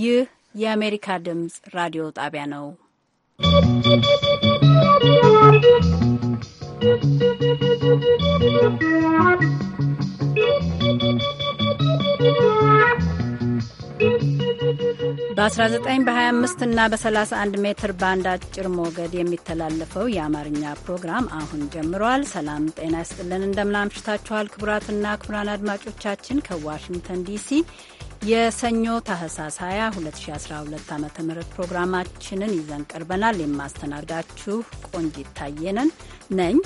ይህ የአሜሪካ ድምፅ ራዲዮ ጣቢያ ነው። በ19 በ25 እና በ31 ሜትር ባንድ አጭር ሞገድ የሚተላለፈው የአማርኛ ፕሮግራም አሁን ጀምሯል። ሰላም ጤና ይስጥልን። እንደምናምሽታችኋል ክቡራትና ክቡራን አድማጮቻችን ከዋሽንግተን ዲሲ የሰኞ ታህሳስ 20 2012 ዓ ም ፕሮግራማችንን ይዘን ቀርበናል። የማስተናግዳችሁ ቆንጂት ታየ ነኝ።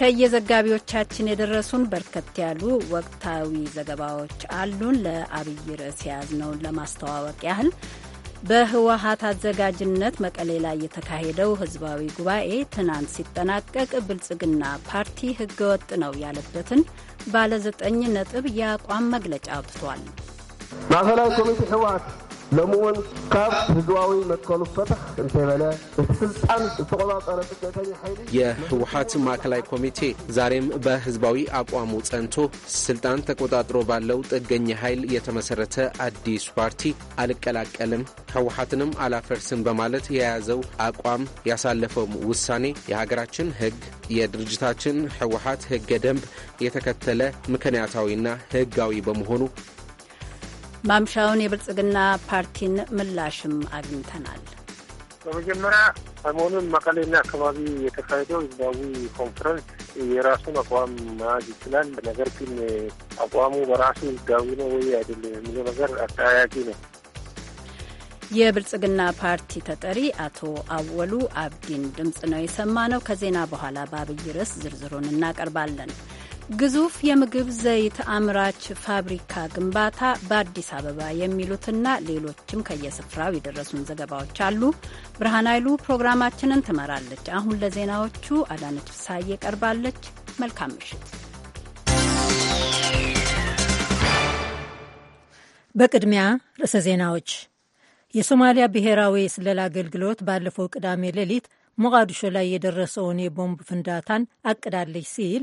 ከየዘጋቢዎቻችን የደረሱን በርከት ያሉ ወቅታዊ ዘገባዎች አሉን። ለአብይ ርዕስ የያዝነውን ለማስተዋወቅ ያህል በህወሀት አዘጋጅነት መቀሌ ላይ የተካሄደው ህዝባዊ ጉባኤ ትናንት ሲጠናቀቅ ብልጽግና ፓርቲ ህገወጥ ነው ያለበትን ባለ ዘጠኝ ነጥብ የአቋም መግለጫ አውጥቷል። ማዕከላዊ ኮሚቴ ህወሓት ሎሚእውን ካብ ህዝባዊ መትከሉ ፈትሕ እንተይበለ እቲ ስልጣን ዝተቆፃፀረ ስደተኛ ሓይሊ የህወሓት ማዕከላዊ ኮሚቴ ዛሬም በህዝባዊ አቋሙ ጸንቶ ስልጣን ተቆጣጥሮ ባለው ጥገኛ ኃይል የተመሰረተ አዲስ ፓርቲ አልቀላቀልም፣ ህወሓትንም አላፈርስም በማለት የያዘው አቋም ያሳለፈው ውሳኔ የሀገራችን ህግ የድርጅታችን ህወሓት ህገ ደንብ የተከተለ ምክንያታዊና ህጋዊ በመሆኑ ማምሻውን የብልጽግና ፓርቲን ምላሽም አግኝተናል። በመጀመሪያ ሰሞኑን መቀሌና አካባቢ የተካሄደው ህዝባዊ ኮንፈረንስ የራሱን አቋም መያዝ ይችላል። ነገር ግን አቋሙ በራሱ ህጋዊ ነው ወይ አይደለም የሚለው ነገር አጠያያቂ ነው። የብልጽግና ፓርቲ ተጠሪ አቶ አወሉ አብዲን ድምፅ ነው የሰማ ነው። ከዜና በኋላ በአብይ ርዕስ ዝርዝሩን እናቀርባለን። ግዙፍ የምግብ ዘይት አምራች ፋብሪካ ግንባታ በአዲስ አበባ የሚሉትና ሌሎችም ከየስፍራው የደረሱን ዘገባዎች አሉ። ብርሃን ኃይሉ ፕሮግራማችንን ትመራለች። አሁን ለዜናዎቹ አዳነች ፍሳዬ ቀርባለች። መልካም ምሽት። በቅድሚያ ርዕሰ ዜናዎች የሶማሊያ ብሔራዊ የስለላ አገልግሎት ባለፈው ቅዳሜ ሌሊት ሞቃዲሾ ላይ የደረሰውን የቦምብ ፍንዳታን አቅዳለች ሲል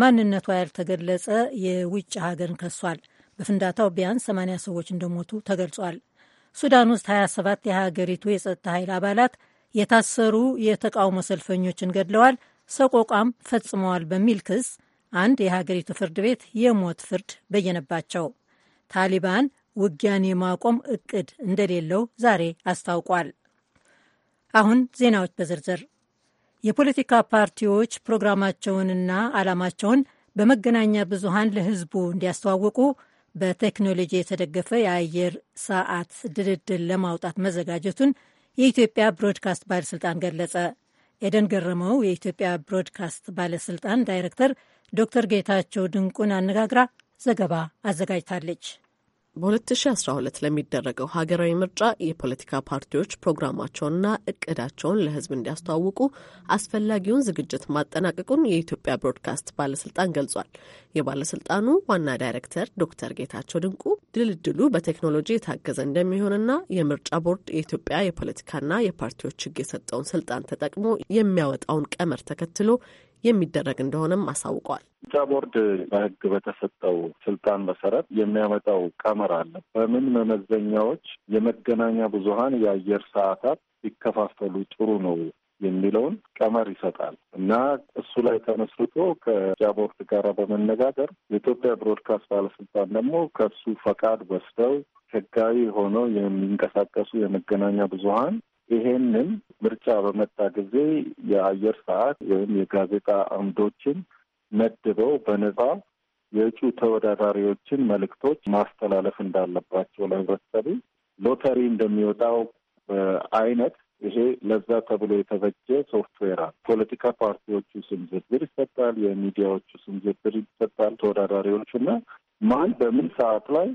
ማንነቷ ያልተገለጸ የውጭ ሀገርን ከሷል። በፍንዳታው ቢያንስ 80 ሰዎች እንደሞቱ ተገልጿል። ሱዳን ውስጥ 27 የሀገሪቱ የጸጥታ ኃይል አባላት የታሰሩ የተቃውሞ ሰልፈኞችን ገድለዋል፣ ሰቆቋም ፈጽመዋል በሚል ክስ አንድ የሀገሪቱ ፍርድ ቤት የሞት ፍርድ በየነባቸው። ታሊባን ውጊያን የማቆም እቅድ እንደሌለው ዛሬ አስታውቋል። አሁን ዜናዎች በዝርዝር የፖለቲካ ፓርቲዎች ፕሮግራማቸውንና ዓላማቸውን በመገናኛ ብዙሃን ለሕዝቡ እንዲያስተዋውቁ በቴክኖሎጂ የተደገፈ የአየር ሰዓት ድልድል ለማውጣት መዘጋጀቱን የኢትዮጵያ ብሮድካስት ባለሥልጣን ገለጸ። ኤደን ገረመው የኢትዮጵያ ብሮድካስት ባለሥልጣን ዳይሬክተር ዶክተር ጌታቸው ድንቁን አነጋግራ ዘገባ አዘጋጅታለች። በ2012 ለሚደረገው ሀገራዊ ምርጫ የፖለቲካ ፓርቲዎች ፕሮግራማቸውንና እቅዳቸውን ለሕዝብ እንዲያስተዋውቁ አስፈላጊውን ዝግጅት ማጠናቀቁን የኢትዮጵያ ብሮድካስት ባለስልጣን ገልጿል። የባለስልጣኑ ዋና ዳይሬክተር ዶክተር ጌታቸው ድንቁ ድልድሉ በቴክኖሎጂ የታገዘ እንደሚሆንና የምርጫ ቦርድ የኢትዮጵያ የፖለቲካና የፓርቲዎች ሕግ የሰጠውን ስልጣን ተጠቅሞ የሚያወጣውን ቀመር ተከትሎ የሚደረግ እንደሆነም አሳውቋል። ምርጫ ቦርድ በሕግ በተሰጠው ስልጣን መሰረት የሚያመጣው ቀመር አለ። በምን መመዘኛዎች የመገናኛ ብዙኃን የአየር ሰዓታት ይከፋፈሉ ጥሩ ነው የሚለውን ቀመር ይሰጣል እና እሱ ላይ ተመስርቶ ከምርጫ ቦርድ ጋር በመነጋገር የኢትዮጵያ ብሮድካስት ባለስልጣን ደግሞ ከሱ ፈቃድ ወስደው ህጋዊ ሆነው የሚንቀሳቀሱ የመገናኛ ብዙኃን ይሄንን ምርጫ በመጣ ጊዜ የአየር ሰዓት ወይም የጋዜጣ አምዶችን መድበው በነጻ የእጩ ተወዳዳሪዎችን መልእክቶች ማስተላለፍ እንዳለባቸው ለህብረተሰቡ ሎተሪ እንደሚወጣው አይነት ይሄ ለዛ ተብሎ የተበጀ ሶፍትዌር አለ። ፖለቲካ ፓርቲዎቹ ስም ዝርዝር ይሰጣል። የሚዲያዎቹ ስም ዝርዝር ይሰጣል። ተወዳዳሪዎቹ እና ማን በምን ሰዓት ላይ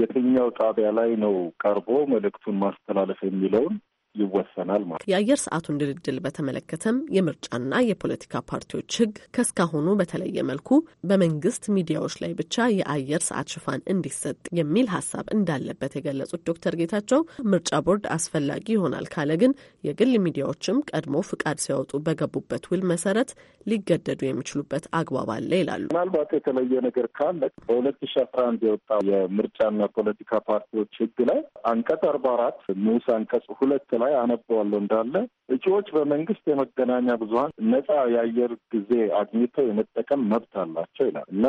የትኛው ጣቢያ ላይ ነው ቀርቦ መልእክቱን ማስተላለፍ የሚለውን ይወሰናል ማለት የአየር ሰዓቱን ድልድል በተመለከተም የምርጫና የፖለቲካ ፓርቲዎች ህግ ከእስካሁኑ በተለየ መልኩ በመንግስት ሚዲያዎች ላይ ብቻ የአየር ሰዓት ሽፋን እንዲሰጥ የሚል ሀሳብ እንዳለበት የገለጹት ዶክተር ጌታቸው ምርጫ ቦርድ አስፈላጊ ይሆናል ካለ ግን የግል ሚዲያዎችም ቀድሞ ፍቃድ ሲያወጡ በገቡበት ውል መሰረት ሊገደዱ የሚችሉበት አግባብ አለ ይላሉ። ምናልባት የተለየ ነገር ካለ በሁለት ሺ አስራ አንድ የወጣው የምርጫና ፖለቲካ ፓርቲዎች ህግ ላይ አንቀጽ አርባ አራት ንዑስ አንቀጽ ሁለት ላይ አነበዋለሁ እንዳለ እጩዎች በመንግስት የመገናኛ ብዙሀን ነጻ የአየር ጊዜ አግኝተው የመጠቀም መብት አላቸው ይላል እና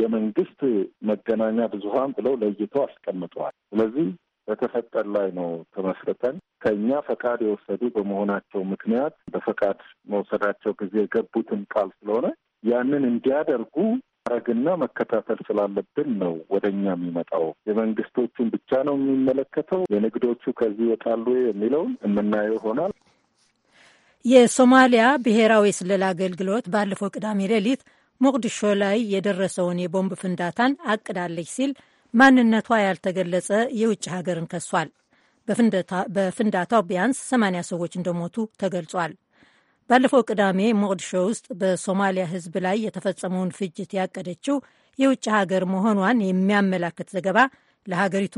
የመንግስት መገናኛ ብዙሀን ብለው ለይተው አስቀምጠዋል። ስለዚህ በተፈጠር ላይ ነው ተመስርተን ከእኛ ፈቃድ የወሰዱ በመሆናቸው ምክንያት በፈቃድ መውሰዳቸው ጊዜ የገቡትን ቃል ስለሆነ ያንን እንዲያደርጉ ማድረግና መከታተል ስላለብን ነው ወደ እኛ የሚመጣው። የመንግስቶቹን ብቻ ነው የሚመለከተው፣ የንግዶቹ ከዚህ ይወጣሉ የሚለውን የምናየው ይሆናል። የሶማሊያ ብሔራዊ የስለላ አገልግሎት ባለፈው ቅዳሜ ሌሊት ሞቅዲሾ ላይ የደረሰውን የቦምብ ፍንዳታን አቅዳለች ሲል ማንነቷ ያልተገለጸ የውጭ ሀገርን ከሷል። በፍንዳታው ቢያንስ ሰማንያ ሰዎች እንደሞቱ ተገልጿል። ባለፈው ቅዳሜ ሞቅዲሾ ውስጥ በሶማሊያ ሕዝብ ላይ የተፈጸመውን ፍጅት ያቀደችው የውጭ ሀገር መሆኗን የሚያመላክት ዘገባ ለሀገሪቱ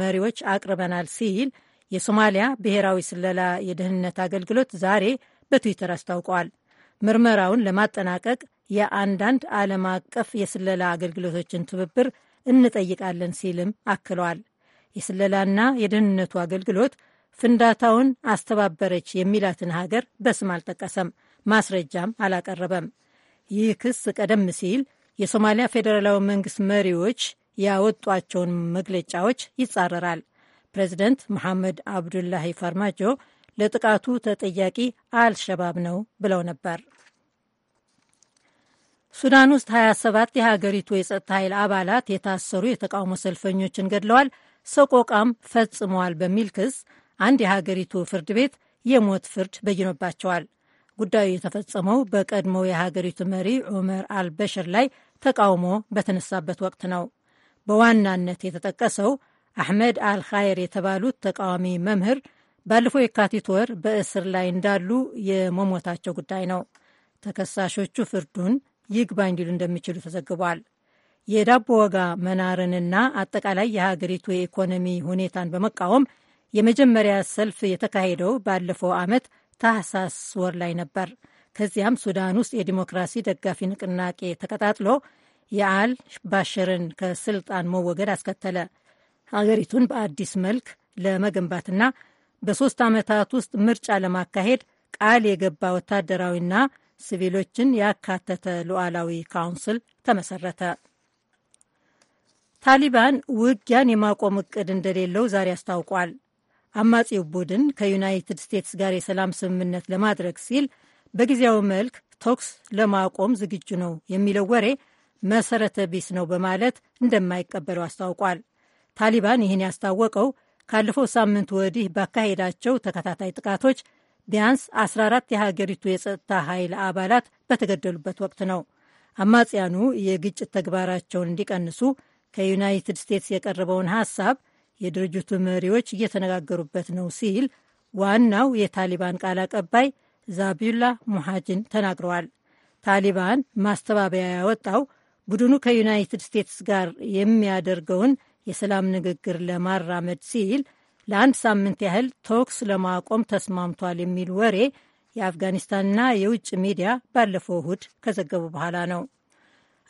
መሪዎች አቅርበናል ሲል የሶማሊያ ብሔራዊ ስለላ የደህንነት አገልግሎት ዛሬ በትዊተር አስታውቋል። ምርመራውን ለማጠናቀቅ የአንዳንድ ዓለም አቀፍ የስለላ አገልግሎቶችን ትብብር እንጠይቃለን ሲልም አክለዋል። የስለላና የደህንነቱ አገልግሎት ፍንዳታውን አስተባበረች የሚላትን ሀገር በስም አልጠቀሰም፣ ማስረጃም አላቀረበም። ይህ ክስ ቀደም ሲል የሶማሊያ ፌዴራላዊ መንግስት መሪዎች ያወጧቸውን መግለጫዎች ይጻረራል። ፕሬዚደንት መሐመድ አብዱላሂ ፋርማጆ ለጥቃቱ ተጠያቂ አልሸባብ ነው ብለው ነበር። ሱዳን ውስጥ 27 የሀገሪቱ የጸጥታ ኃይል አባላት የታሰሩ የተቃውሞ ሰልፈኞችን ገድለዋል፣ ሰቆቃም ፈጽመዋል በሚል ክስ አንድ የሀገሪቱ ፍርድ ቤት የሞት ፍርድ በይኖባቸዋል። ጉዳዩ የተፈጸመው በቀድሞው የሀገሪቱ መሪ ዑመር አልበሽር ላይ ተቃውሞ በተነሳበት ወቅት ነው። በዋናነት የተጠቀሰው አሕመድ አልኻየር የተባሉት ተቃዋሚ መምህር ባለፈው የካቲት ወር በእስር ላይ እንዳሉ የመሞታቸው ጉዳይ ነው። ተከሳሾቹ ፍርዱን ይግባኝ እንዲሉ እንደሚችሉ ተዘግቧል። የዳቦ ዋጋ መናርንና አጠቃላይ የሀገሪቱ የኢኮኖሚ ሁኔታን በመቃወም የመጀመሪያ ሰልፍ የተካሄደው ባለፈው ዓመት ታህሳስ ወር ላይ ነበር። ከዚያም ሱዳን ውስጥ የዲሞክራሲ ደጋፊ ንቅናቄ ተቀጣጥሎ የአል ባሽርን ከስልጣን መወገድ አስከተለ። ሀገሪቱን በአዲስ መልክ ለመገንባትና በሦስት ዓመታት ውስጥ ምርጫ ለማካሄድ ቃል የገባ ወታደራዊና ሲቪሎችን ያካተተ ሉዓላዊ ካውንስል ተመሰረተ። ታሊባን ውጊያን የማቆም እቅድ እንደሌለው ዛሬ አስታውቋል። አማጺው ቡድን ከዩናይትድ ስቴትስ ጋር የሰላም ስምምነት ለማድረግ ሲል በጊዜያዊ መልክ ተኩስ ለማቆም ዝግጁ ነው የሚለው ወሬ መሰረተ ቢስ ነው በማለት እንደማይቀበለው አስታውቋል። ታሊባን ይህን ያስታወቀው ካለፈው ሳምንት ወዲህ ባካሄዳቸው ተከታታይ ጥቃቶች ቢያንስ 14 የሀገሪቱ የጸጥታ ኃይል አባላት በተገደሉበት ወቅት ነው። አማጽያኑ የግጭት ተግባራቸውን እንዲቀንሱ ከዩናይትድ ስቴትስ የቀረበውን ሐሳብ የድርጅቱ መሪዎች እየተነጋገሩበት ነው ሲል ዋናው የታሊባን ቃል አቀባይ ዛቢዩላ ሙሃጅን ተናግረዋል። ታሊባን ማስተባበያ ያወጣው ቡድኑ ከዩናይትድ ስቴትስ ጋር የሚያደርገውን የሰላም ንግግር ለማራመድ ሲል ለአንድ ሳምንት ያህል ተኩስ ለማቆም ተስማምቷል የሚል ወሬ የአፍጋኒስታንና የውጭ ሚዲያ ባለፈው እሁድ ከዘገቡ በኋላ ነው።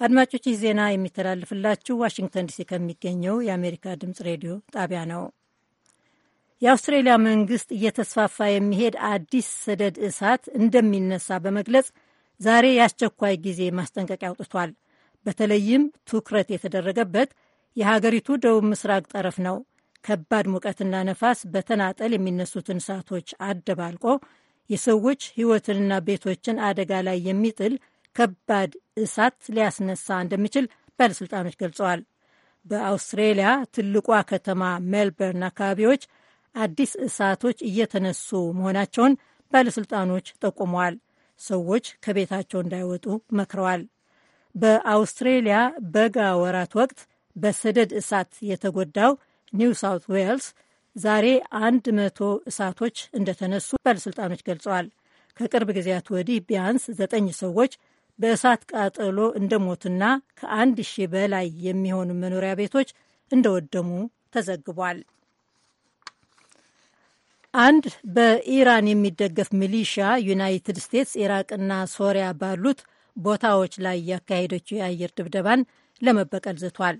አድማጮች ይህ ዜና የሚተላልፍላችሁ ዋሽንግተን ዲሲ ከሚገኘው የአሜሪካ ድምፅ ሬዲዮ ጣቢያ ነው። የአውስትሬሊያ መንግስት እየተስፋፋ የሚሄድ አዲስ ሰደድ እሳት እንደሚነሳ በመግለጽ ዛሬ የአስቸኳይ ጊዜ ማስጠንቀቂያ አውጥቷል። በተለይም ትኩረት የተደረገበት የሀገሪቱ ደቡብ ምስራቅ ጠረፍ ነው። ከባድ ሙቀትና ነፋስ በተናጠል የሚነሱትን እሳቶች አደባልቆ የሰዎች ሕይወትንና ቤቶችን አደጋ ላይ የሚጥል ከባድ እሳት ሊያስነሳ እንደሚችል ባለሥልጣኖች ገልጸዋል። በአውስትሬሊያ ትልቋ ከተማ ሜልበርን አካባቢዎች አዲስ እሳቶች እየተነሱ መሆናቸውን ባለሥልጣኖች ጠቁመዋል። ሰዎች ከቤታቸው እንዳይወጡ መክረዋል። በአውስትሬሊያ በጋ ወራት ወቅት በሰደድ እሳት የተጎዳው ኒው ሳውት ዌልስ ዛሬ አንድ መቶ እሳቶች እንደተነሱ ባለሥልጣኖች ገልጸዋል። ከቅርብ ጊዜያት ወዲህ ቢያንስ ዘጠኝ ሰዎች በእሳት ቃጠሎ እንደሞቱና ከአንድ ሺህ በላይ የሚሆኑ መኖሪያ ቤቶች እንደወደሙ ተዘግቧል። አንድ በኢራን የሚደገፍ ሚሊሻ ዩናይትድ ስቴትስ ኢራቅና ሶሪያ ባሉት ቦታዎች ላይ ያካሄደችው የአየር ድብደባን ለመበቀል ዝቷል።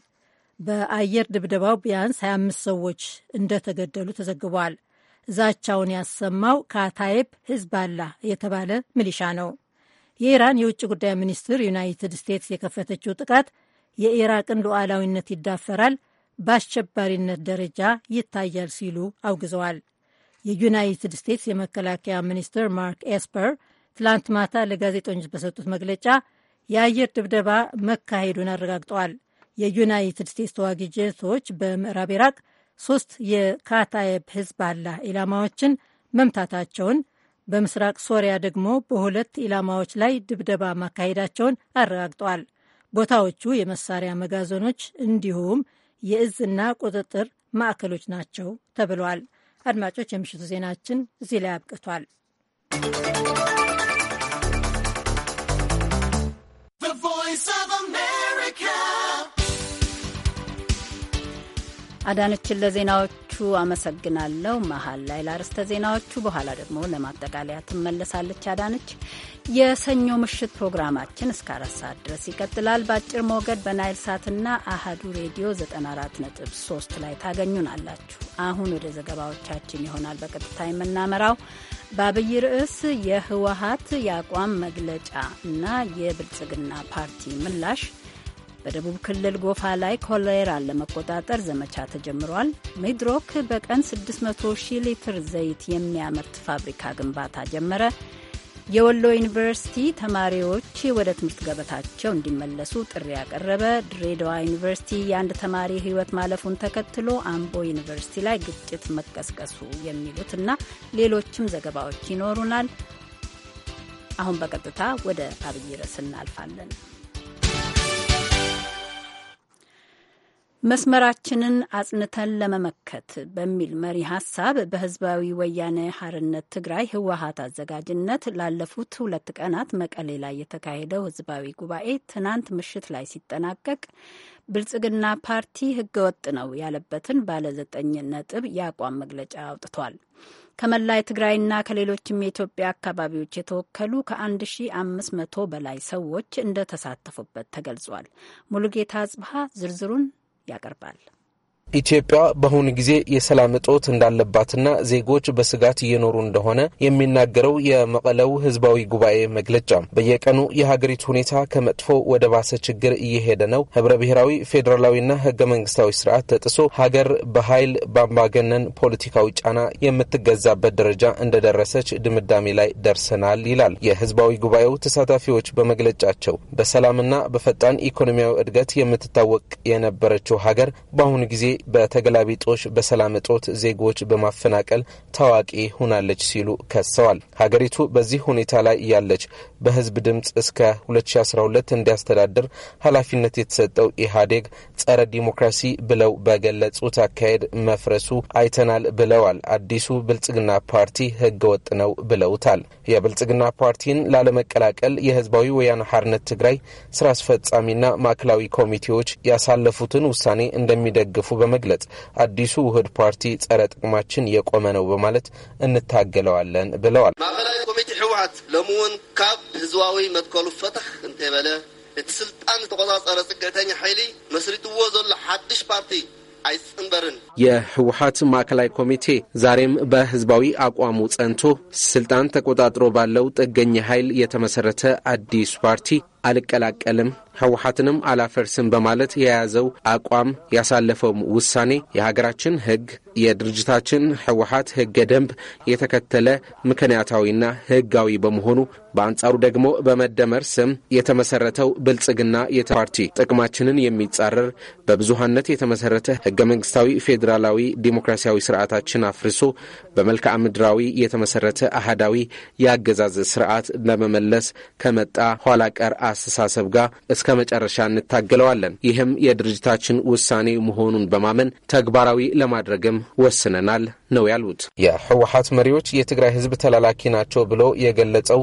በአየር ድብደባው ቢያንስ 25 ሰዎች እንደተገደሉ ተዘግቧል። ዛቻውን ያሰማው ካታይብ ህዝባላ የተባለ ሚሊሻ ነው። የኢራን የውጭ ጉዳይ ሚኒስትር ዩናይትድ ስቴትስ የከፈተችው ጥቃት የኢራቅን ሉዓላዊነት ይዳፈራል፣ በአሸባሪነት ደረጃ ይታያል ሲሉ አውግዘዋል። የዩናይትድ ስቴትስ የመከላከያ ሚኒስትር ማርክ ኤስፐር ትላንት ማታ ለጋዜጠኞች በሰጡት መግለጫ የአየር ድብደባ መካሄዱን አረጋግጠዋል። የዩናይትድ ስቴትስ ተዋጊ ጀቶች በምዕራብ ኢራቅ ሶስት የካታየብ አላ ኢላማዎችን መምታታቸውን በምስራቅ ሶሪያ ደግሞ በሁለት ኢላማዎች ላይ ድብደባ ማካሄዳቸውን አረጋግጠዋል። ቦታዎቹ የመሳሪያ መጋዘኖች እንዲሁም የእዝና ቁጥጥር ማዕከሎች ናቸው ተብሏል። አድማጮች፣ የምሽቱ ዜናችን እዚህ ላይ አብቅቷል። አዳነችን ለዜናዎች አመሰግናለሁ። መሀል ላይ ለአርዕስተ ዜናዎቹ፣ በኋላ ደግሞ ለማጠቃለያ ትመለሳለች አዳነች። የሰኞ ምሽት ፕሮግራማችን እስከ አራት ሰዓት ድረስ ይቀጥላል። በአጭር ሞገድ በናይል ሳትና አሀዱ ሬዲዮ 94.3 ላይ ታገኙናላችሁ። አሁን ወደ ዘገባዎቻችን ይሆናል በቀጥታ የምናመራው በአብይ ርዕስ የህወሀት የአቋም መግለጫ እና የብልጽግና ፓርቲ ምላሽ በደቡብ ክልል ጎፋ ላይ ኮሌራን ለመቆጣጠር ዘመቻ ተጀምሯል። ሚድሮክ በቀን 600 ሺህ ሊትር ዘይት የሚያመርት ፋብሪካ ግንባታ ጀመረ። የወሎ ዩኒቨርሲቲ ተማሪዎች ወደ ትምህርት ገበታቸው እንዲመለሱ ጥሪ ያቀረበ። ድሬዳዋ ዩኒቨርሲቲ የአንድ ተማሪ ሕይወት ማለፉን ተከትሎ አምቦ ዩኒቨርሲቲ ላይ ግጭት መቀስቀሱ የሚሉት እና ሌሎችም ዘገባዎች ይኖሩናል። አሁን በቀጥታ ወደ አብይ ርዕስ እናልፋለን። መስመራችንን አጽንተን ለመመከት በሚል መሪ ሀሳብ በህዝባዊ ወያነ ሐርነት ትግራይ ህወሀት አዘጋጅነት ላለፉት ሁለት ቀናት መቀሌ ላይ የተካሄደው ህዝባዊ ጉባኤ ትናንት ምሽት ላይ ሲጠናቀቅ ብልጽግና ፓርቲ ህገወጥ ነው ያለበትን ባለ ዘጠኝ ነጥብ የአቋም መግለጫ አውጥቷል። ከመላ ትግራይና ከሌሎችም የኢትዮጵያ አካባቢዎች የተወከሉ ከ1500 በላይ ሰዎች እንደተሳተፉበት ተገልጿል። ሙሉጌታ ጽብሃ ዝርዝሩን a carpal. ኢትዮጵያ በአሁኑ ጊዜ የሰላም እጦት እንዳለባትና ዜጎች በስጋት እየኖሩ እንደሆነ የሚናገረው የመቀለው ህዝባዊ ጉባኤ መግለጫ በየቀኑ የሀገሪቱ ሁኔታ ከመጥፎ ወደ ባሰ ችግር እየሄደ ነው፣ ህብረ ብሔራዊ ፌዴራላዊና ህገ መንግስታዊ ስርዓት ተጥሶ ሀገር በኃይል በአምባገነን ፖለቲካዊ ጫና የምትገዛበት ደረጃ እንደደረሰች ድምዳሜ ላይ ደርሰናል ይላል። የህዝባዊ ጉባኤው ተሳታፊዎች በመግለጫቸው በሰላምና በፈጣን ኢኮኖሚያዊ እድገት የምትታወቅ የነበረችው ሀገር በአሁኑ ጊዜ በተገላቢጦሽ በሰላም እጦት ዜጎች በማፈናቀል ታዋቂ ሆናለች ሲሉ ከሰዋል። ሀገሪቱ በዚህ ሁኔታ ላይ ያለች በህዝብ ድምፅ እስከ 2012 እንዲያስተዳድር ኃላፊነት የተሰጠው ኢህአዴግ ጸረ ዲሞክራሲ ብለው በገለጹት አካሄድ መፍረሱ አይተናል ብለዋል። አዲሱ ብልጽግና ፓርቲ ህገ ወጥ ነው ብለውታል። የብልጽግና ፓርቲን ላለመቀላቀል የህዝባዊ ወያነ ሓርነት ትግራይ ስራ አስፈጻሚና ማዕከላዊ ኮሚቴዎች ያሳለፉትን ውሳኔ እንደሚደግፉ በመግለጽ አዲሱ ውህድ ፓርቲ ጸረ ጥቅማችን የቆመ ነው በማለት እንታገለዋለን ብለዋል። ማእከላዊ ኮሚቴ ሕወሓት ሎሚ እውን ካብ ህዝባዊ መትከሉ ፈትሕ እንተይበለ እቲ ስልጣን ዝተቆፃፀረ ፅገተኛ ሓይሊ መስሪትዎ ዘሎ ሓድሽ ፓርቲ አይጽንበርን የህወሓት ማዕከላዊ ኮሚቴ ዛሬም በህዝባዊ አቋሙ ጸንቶ ስልጣን ተቆጣጥሮ ባለው ጥገኝ ኃይል የተመሰረተ አዲስ ፓርቲ አልቀላቀልም፣ ህወሓትንም አላፈርስም በማለት የያዘው አቋም ያሳለፈውም ውሳኔ የሀገራችን ህግ የድርጅታችን ህወሓት ህገ ደንብ የተከተለ ምክንያታዊና ህጋዊ በመሆኑ በአንጻሩ ደግሞ በመደመር ስም የተመሰረተው ብልጽግና የፓርቲ ጥቅማችንን የሚጻረር በብዙሀነት የተመሰረተ ህገ መንግስታዊ ፌዴራላዊ ዲሞክራሲያዊ ስርዓታችን አፍርሶ በመልክዓ ምድራዊ የተመሰረተ አህዳዊ የአገዛዝ ስርዓት ለመመለስ ከመጣ ኋላቀር አ አስተሳሰብ ጋር እስከ መጨረሻ እንታገለዋለን። ይህም የድርጅታችን ውሳኔ መሆኑን በማመን ተግባራዊ ለማድረግም ወስነናል ነው ያሉት። የህወሀት መሪዎች የትግራይ ህዝብ ተላላኪ ናቸው ብሎ የገለጸው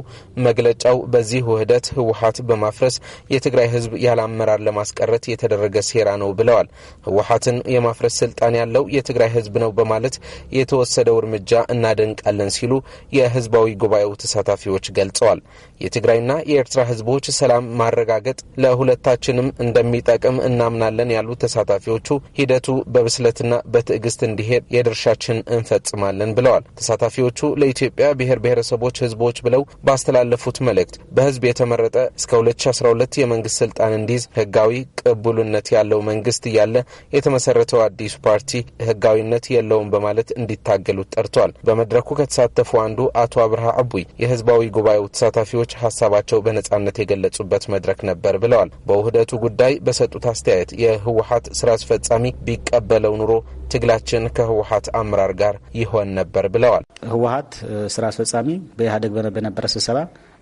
መግለጫው በዚህ ውህደት ህወሀት በማፍረስ የትግራይ ህዝብ ያለ አመራር ለማስቀረት የተደረገ ሴራ ነው ብለዋል። ህወሀትን የማፍረስ ስልጣን ያለው የትግራይ ህዝብ ነው በማለት የተወሰደው እርምጃ እናደንቃለን ሲሉ የህዝባዊ ጉባኤው ተሳታፊዎች ገልጸዋል። የትግራይና የኤርትራ ህዝቦች ሰላም ማረጋገጥ ለሁለታችንም እንደሚጠቅም እናምናለን ያሉት ተሳታፊዎቹ ሂደቱ በብስለትና በትዕግስት እንዲሄድ የድርሻችን እንፈጽማለን ብለዋል። ተሳታፊዎቹ ለኢትዮጵያ ብሔር ብሔረሰቦች ህዝቦች ብለው ባስተላለፉት መልእክት በህዝብ የተመረጠ እስከ 2012 የመንግስት ስልጣን እንዲይዝ ህጋዊ ቅቡልነት ያለው መንግስት እያለ የተመሰረተው አዲሱ ፓርቲ ህጋዊነት የለውም በማለት እንዲታገሉ ጠርቷል። በመድረኩ ከተሳተፉ አንዱ አቶ አብርሃ አቡይ የህዝባዊ ጉባኤው ተሳታፊዎች ሀሳባቸው በነጻነት የገለጹበት መድረክ ነበር ብለዋል። በውህደቱ ጉዳይ በሰጡት አስተያየት የህወሀት ስራ አስፈጻሚ ቢቀበለው ኑሮ ትግላችን ከህወሀት አመራር ጋር ጋር ይሆን ነበር ብለዋል። ህወሀት ስራ አስፈጻሚ በኢህአዴግ በነበረ ስብሰባ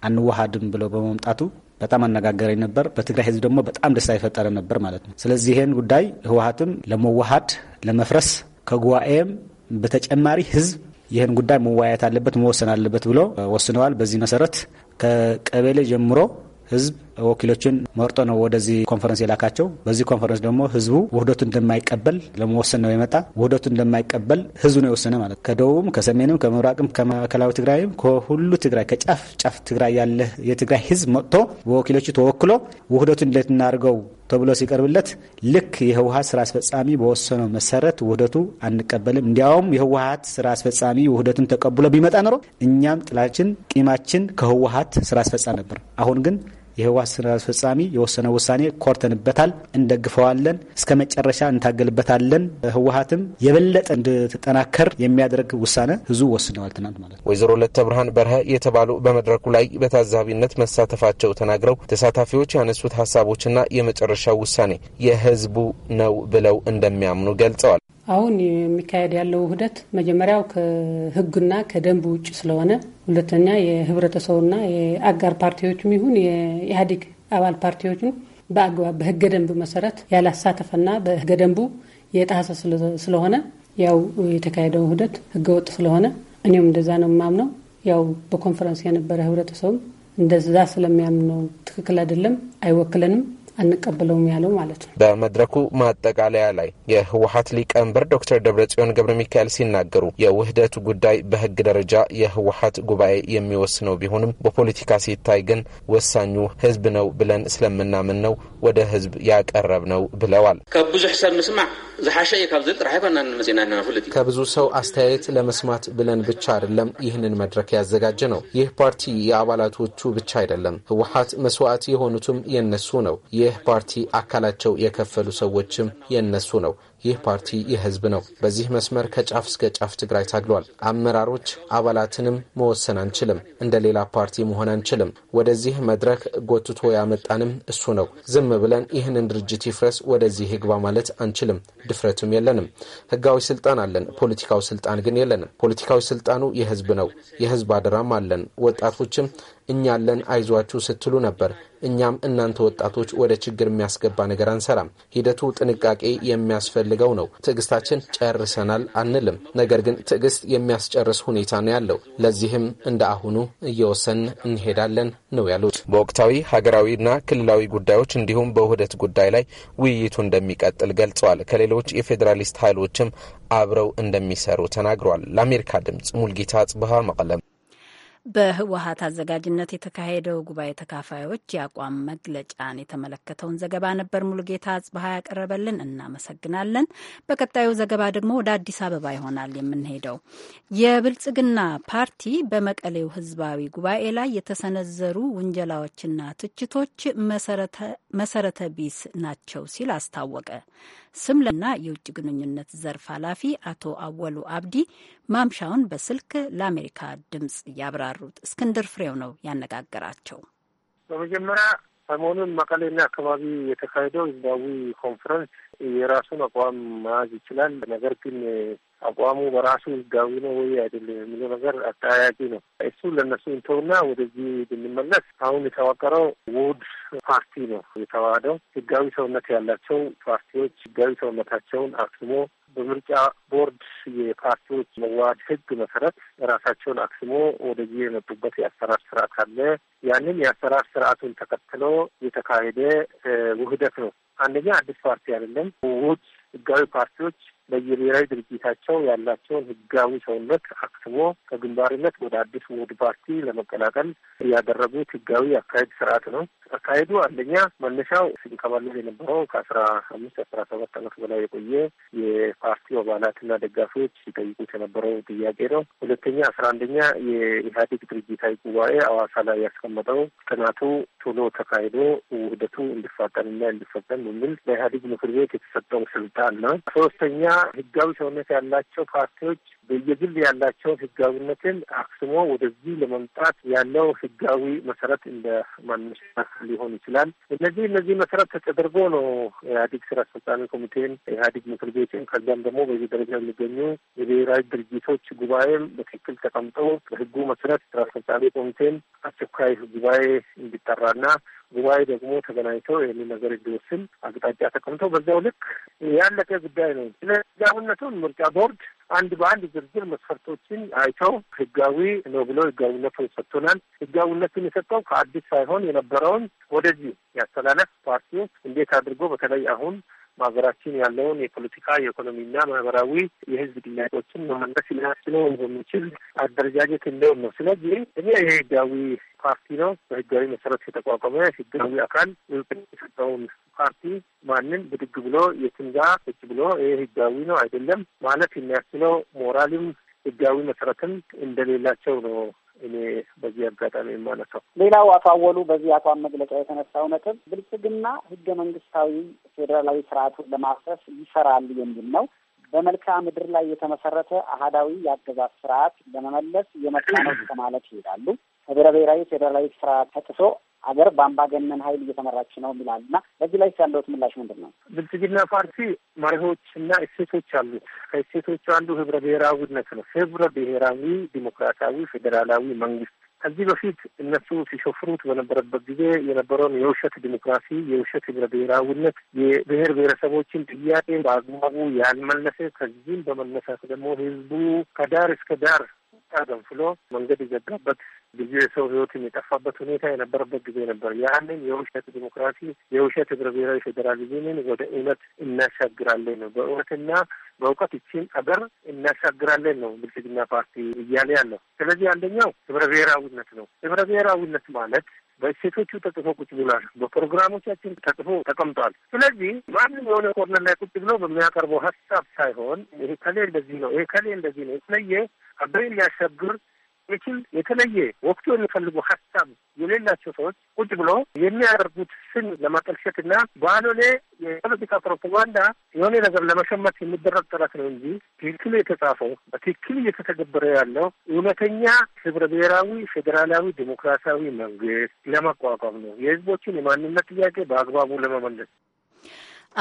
አንዋሃድም ብለው በመምጣቱ በጣም አነጋገረኝ ነበር። በትግራይ ህዝብ ደግሞ በጣም ደስታ የፈጠረ ነበር ማለት ነው። ስለዚህ ይህን ጉዳይ ህወሀትም ለመዋሃድ ለመፍረስ ከጉባኤም በተጨማሪ ህዝብ ይህን ጉዳይ መወያየት አለበት መወሰን አለበት ብሎ ወስነዋል። በዚህ መሰረት ከቀበሌ ጀምሮ ህዝብ ወኪሎችን መርጦ ነው ወደዚህ ኮንፈረንስ የላካቸው። በዚህ ኮንፈረንስ ደግሞ ህዝቡ ውህደቱ እንደማይቀበል ለመወሰን ነው የመጣ። ውህደቱ እንደማይቀበል ህዝቡ ነው የወሰነ ማለት ከደቡብም፣ ከሰሜንም፣ ከምብራቅም፣ ከማዕከላዊ ትግራይም ከሁሉ ትግራይ ከጫፍ ጫፍ ትግራይ ያለ የትግራይ ህዝብ መጥቶ በወኪሎቹ ተወክሎ ውህደቱ እንዴት እናድርገው ተብሎ ሲቀርብለት ልክ የህወሀት ስራ አስፈጻሚ በወሰነው መሰረት ውህደቱ አንቀበልም፣ እንዲያውም የህወሀት ስራ አስፈጻሚ ውህደቱን ተቀብሎ ቢመጣ ኖሮ እኛም ጥላችን፣ ቂማችን ከህወሀት ስራ አስፈጻ ነበር። አሁን ግን የህወሓት ስራ አስፈጻሚ የወሰነው ውሳኔ ኮርተንበታል፣ እንደግፈዋለን፣ እስከ መጨረሻ እንታገልበታለን። ህወሓትም የበለጠ እንድትጠናከር የሚያደርግ ውሳኔ ህዝቡ ወስነዋል። ትናንት ማለት ነው። ወይዘሮ ለተ ብርሃን በርሀ የተባሉ በመድረኩ ላይ በታዛቢነት መሳተፋቸው ተናግረው ተሳታፊዎች ያነሱት ሀሳቦችና የመጨረሻው ውሳኔ የህዝቡ ነው ብለው እንደሚያምኑ ገልጸዋል። አሁን የሚካሄድ ያለው ውህደት መጀመሪያው ከህጉና ከደንብ ውጭ ስለሆነ፣ ሁለተኛ የህብረተሰቡና የአጋር ፓርቲዎችም ይሁን የኢህአዴግ አባል ፓርቲዎችን በአግባብ በህገ ደንብ መሰረት ያላሳተፈና በህገ ደንቡ የጣሰ ስለሆነ ያው የተካሄደው ውህደት ህገወጥ ስለሆነ እኔም እንደዛ ነው የማምነው። ያው በኮንፈረንስ የነበረ ህብረተሰቡም እንደዛ ስለሚያምነው ትክክል አይደለም፣ አይወክለንም አንቀበለውም ያለው ማለት ነው። በመድረኩ ማጠቃለያ ላይ የህወሀት ሊቀመንበር ዶክተር ደብረጽዮን ገብረ ሚካኤል ሲናገሩ የውህደቱ ጉዳይ በህግ ደረጃ የህወሀት ጉባኤ የሚወስነው ቢሆንም በፖለቲካ ሲታይ ግን ወሳኙ ህዝብ ነው ብለን ስለምናምን ነው ወደ ህዝብ ያቀረብ ነው ብለዋል። ከብዙሕ ሰብ ምስማዕ ዝሓሸ እየ ካብ ጥራሕ ይኮና መፅና ና ከብዙ ሰው አስተያየት ለመስማት ብለን ብቻ አይደለም ይህንን መድረክ ያዘጋጀ ነው። ይህ ፓርቲ የአባላቶቹ ብቻ አይደለም። ህወሀት መስዋዕት የሆኑትም የነሱ ነው። ይህ ፓርቲ አካላቸው የከፈሉ ሰዎችም የእነሱ ነው። ይህ ፓርቲ የህዝብ ነው። በዚህ መስመር ከጫፍ እስከ ጫፍ ትግራይ ታግሏል። አመራሮች አባላትንም መወሰን አንችልም። እንደ ሌላ ፓርቲ መሆን አንችልም። ወደዚህ መድረክ ጎትቶ ያመጣንም እሱ ነው። ዝም ብለን ይህንን ድርጅት ይፍረስ፣ ወደዚህ ይግባ ማለት አንችልም። ድፍረቱም የለንም። ህጋዊ ስልጣን አለን። ፖለቲካዊ ስልጣን ግን የለንም። ፖለቲካዊ ስልጣኑ የህዝብ ነው። የህዝብ አደራም አለን። ወጣቶችም እኛለን አይዟችሁ ስትሉ ነበር። እኛም እናንተ ወጣቶች ወደ ችግር የሚያስገባ ነገር አንሰራም። ሂደቱ ጥንቃቄ የሚያስፈልገው ነው። ትዕግስታችን ጨርሰናል አንልም። ነገር ግን ትዕግስት የሚያስጨርስ ሁኔታ ነው ያለው። ለዚህም እንደ አሁኑ እየወሰን እንሄዳለን ነው ያሉት። በወቅታዊ ሀገራዊና ክልላዊ ጉዳዮች እንዲሁም በውህደት ጉዳይ ላይ ውይይቱ እንደሚቀጥል ገልጸዋል። ከሌሎች የፌዴራሊስት ኃይሎችም አብረው እንደሚሰሩ ተናግረዋል። ለአሜሪካ ድምጽ ሙልጌታ ጽብሃ መቀለም በህወሀት አዘጋጅነት የተካሄደው ጉባኤ ተካፋዮች የአቋም መግለጫን የተመለከተውን ዘገባ ነበር ሙሉጌታ አጽበሀ ያቀረበልን። እናመሰግናለን። በቀጣዩ ዘገባ ደግሞ ወደ አዲስ አበባ ይሆናል የምንሄደው። የብልጽግና ፓርቲ በመቀሌው ህዝባዊ ጉባኤ ላይ የተሰነዘሩ ውንጀላዎችና ትችቶች መሰረተ ቢስ ናቸው ሲል አስታወቀ። ስምለና የውጭ ግንኙነት ዘርፍ ኃላፊ አቶ አወሉ አብዲ ማምሻውን በስልክ ለአሜሪካ ድምጽ ያብራሩት። እስክንድር ፍሬው ነው ያነጋገራቸው። በመጀመሪያ ሰሞኑን መቀሌና አካባቢ የተካሄደው ህዝባዊ ኮንፈረንስ የራሱን አቋም መያዝ ይችላል። ነገር ግን አቋሙ በራሱ ህጋዊ ነው ወይ አይደለም የሚለው ነገር አጠያያቂ ነው። እሱ ለእነሱ እንተውና ወደዚህ ብንመለስ አሁን የተዋቀረው ውድ ፓርቲ ነው የተዋህደው። ህጋዊ ሰውነት ያላቸው ፓርቲዎች ህጋዊ ሰውነታቸውን አክስሞ በምርጫ ቦርድ የፓርቲዎች መዋድ ህግ መሰረት ራሳቸውን አክስሞ ወደዚህ የመጡበት የአሰራር ስርዓት አለ። ያንን የአሰራር ስርዓቱን ተከትሎ የተካሄደ ውህደት ነው። አንደኛ አዲስ ፓርቲ አይደለም። ውድ ህጋዊ ፓርቲዎች በየብሔራዊ ድርጅታቸው ያላቸውን ህጋዊ ሰውነት አክትሞ ከግንባርነት ወደ አዲስ ውህድ ፓርቲ ለመቀላቀል ያደረጉት ህጋዊ አካሄድ ስርዓት ነው። አካሄዱ አንደኛ መነሻው ሲንከባለል የነበረው ከአስራ አምስት አስራ ሰባት ዓመት በላይ የቆየ የፓርቲው አባላትና ደጋፊዎች ሲጠይቁት የነበረው ጥያቄ ነው። ሁለተኛ አስራ አንደኛ የኢህአዴግ ድርጅታዊ ጉባኤ አዋሳ ላይ ያስቀመጠው ጥናቱ ቶሎ ተካሂዶ ውህደቱ እንዲፋጠንና እንዲፈጠን የሚል ለኢህአዴግ ምክር ቤት የተሰጠው ስልጣን ነው። ሶስተኛ ህጋዊ ሰውነት ያላቸው ፓርቲዎች በየግል ያላቸው ህጋዊነትን አክስሞ ወደዚህ ለመምጣት ያለው ህጋዊ መሰረት እንደ ማንሻ ሊሆን ይችላል። እነዚህ እነዚህ መሰረት ተደርጎ ነው ኢህአዴግ ስራ አስፈጻሚ ኮሚቴን ኢህአዴግ ምክር ቤትን ከዚያም ደግሞ በዚህ ደረጃ የሚገኙ የብሔራዊ ድርጅቶች ጉባኤም በትክክል ተቀምጠው በህጉ መሰረት ስራ አስፈጻሚ ኮሚቴን አስቸኳይ ጉባኤ እንዲጠራና ጉባኤ ደግሞ ተገናኝተው ይህንን ነገር እንዲወስን አቅጣጫ ተቀምጠው በዚያው ልክ ያለቀ ጉዳይ ነው። ስለ ህጋዊነቱን ምርጫ ቦርድ አንድ በአንድ ዝርዝር መስፈርቶችን አይተው ህጋዊ ነው ብሎ ህጋዊነቱን ሰጥቶናል። ህጋዊነቱን የሰጠው ከአዲስ ሳይሆን የነበረውን ወደዚህ ያስተላለፍ ፓርቲዎች እንዴት አድርጎ በተለይ አሁን በሀገራችን ያለውን የፖለቲካ የኢኮኖሚና ማህበራዊ የህዝብ ጥያቄዎችን መመለስ ሊያስችለው የሚችል አደረጃጀት እንደውም ነው። ስለዚህ እኔ የህጋዊ ፓርቲ ነው፣ በህጋዊ መሰረት የተቋቋመ ህጋዊ አካል እውቅና የሰጠውን ፓርቲ ማንም ብድግ ብሎ የትም ጋ ቁጭ ብሎ ይሄ ህጋዊ ነው አይደለም ማለት የሚያስችለው ሞራልም ህጋዊ መሰረትም እንደሌላቸው ነው እኔ በዚህ አጋጣሚ የማነሳው ሌላው አቶ አወሉ በዚህ አቋም መግለጫ የተነሳው ነጥብ ብልጽግና ህገ መንግስታዊ ፌዴራላዊ ስርዓቱን ለማፍረስ ይሰራል የሚል ነው። በመልክዓ ምድር ላይ የተመሰረተ አህዳዊ የአገዛዝ ስርዓት ለመመለስ የመጣ ነው ከማለት ይሄዳሉ። ህብረ ብሔራዊ ፌዴራላዊ ስርዓት ተጥሶ አገር በአምባገነን ኃይል እየተመራች ነው ይላል እና በዚህ ላይ ያለውት ምላሽ ምንድን ነው? ብልጽግና ፓርቲ መርሆች እና እሴቶች አሉት። ከእሴቶቹ አንዱ ህብረ ብሔራዊነት ነው። ህብረ ብሔራዊ ዲሞክራሲያዊ ፌዴራላዊ መንግስት ከዚህ በፊት እነሱ ሲሾፍሩት በነበረበት ጊዜ የነበረውን የውሸት ዲሞክራሲ፣ የውሸት ህብረ ብሔራዊነት፣ የብሔር ብሔረሰቦችን ጥያቄ በአግባቡ ያልመለሰ ከዚህም በመነሳት ደግሞ ህዝቡ ከዳር እስከ ዳር ገንፍሎ መንገድ የዘጋበት ብዙ የሰው ህይወትን የጠፋበት ሁኔታ የነበረበት ጊዜ ነበር። ያንን የውሸት ዲሞክራሲ የውሸት ህብረ ብሔራዊ ፌዴራሊዝምን ወደ እውነት እናሻግራለን ነው በእውነትና በእውቀት ይችን አገር እናሻግራለን ነው ብልጽግና ፓርቲ እያለ ያለው። ስለዚህ አንደኛው ህብረ ብሔራዊነት ነው። ህብረ ብሔራዊነት ማለት በሴቶቹ ተጽፎ ቁጭ ብሏል። በፕሮግራሞቻችን ተጽፎ ተቀምጧል። ስለዚህ ማንም የሆነ ኮርነር ላይ ቁጭ ብለው በሚያቀርበው ሀሳብ ሳይሆን ይሄ ከሌ እንደዚህ ነው፣ ይሄ ከሌ እንደዚህ ነው የተለየ አበይን ሊያሸብር የሚችል የተለየ ወቅቱ የሚፈልጉ ሀሳብ የሌላቸው ሰዎች ቁጭ ብሎ የሚያደርጉት ስም ለማጠልሸት እና ባልሆነ የፖለቲካ ፕሮፓጋንዳ የሆነ ነገር ለመሸመት የሚደረግ ጥረት ነው እንጂ ትክክል የተጻፈው በትክክል እየተተገበረ ያለው እውነተኛ ህብረ ብሔራዊ ፌዴራላዊ ዲሞክራሲያዊ መንግስት ለማቋቋም ነው። የህዝቦችን የማንነት ጥያቄ በአግባቡ ለመመለስ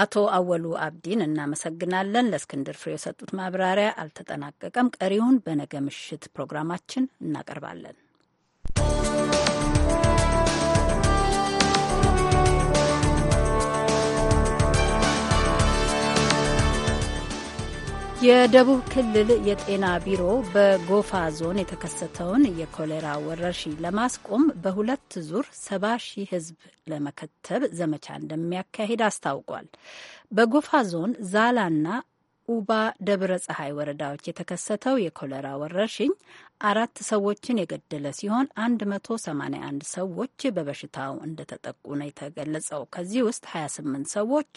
አቶ አወሉ አብዲን እናመሰግናለን። ለእስክንድር ፍሬው የሰጡት ማብራሪያ አልተጠናቀቀም። ቀሪውን በነገ ምሽት ፕሮግራማችን እናቀርባለን። የደቡብ ክልል የጤና ቢሮ በጎፋ ዞን የተከሰተውን የኮሌራ ወረርሽኝ ለማስቆም በሁለት ዙር ሰባ ሺህ ሕዝብ ለመከተብ ዘመቻ እንደሚያካሂድ አስታውቋል። በጎፋ ዞን ዛላና ኡባ ደብረ ፀሐይ ወረዳዎች የተከሰተው የኮሌራ ወረርሽኝ አራት ሰዎችን የገደለ ሲሆን 181 ሰዎች በበሽታው እንደተጠቁ ነው የተገለጸው። ከዚህ ውስጥ 28 ሰዎች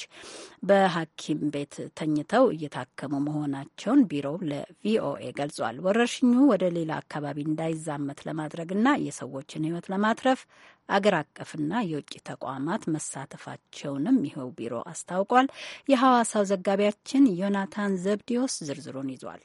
በሐኪም ቤት ተኝተው እየታከሙ መሆናቸውን ቢሮው ለቪኦኤ ገልጿል። ወረርሽኙ ወደ ሌላ አካባቢ እንዳይዛመት ለማድረግና የሰዎችን ሕይወት ለማትረፍ አገር አቀፍና የውጭ ተቋማት መሳተፋቸውንም ይኸው ቢሮ አስታውቋል። የሐዋሳው ዘጋቢያችን ዮናታን ዘብዲዮስ ዝርዝሩን ይዟል።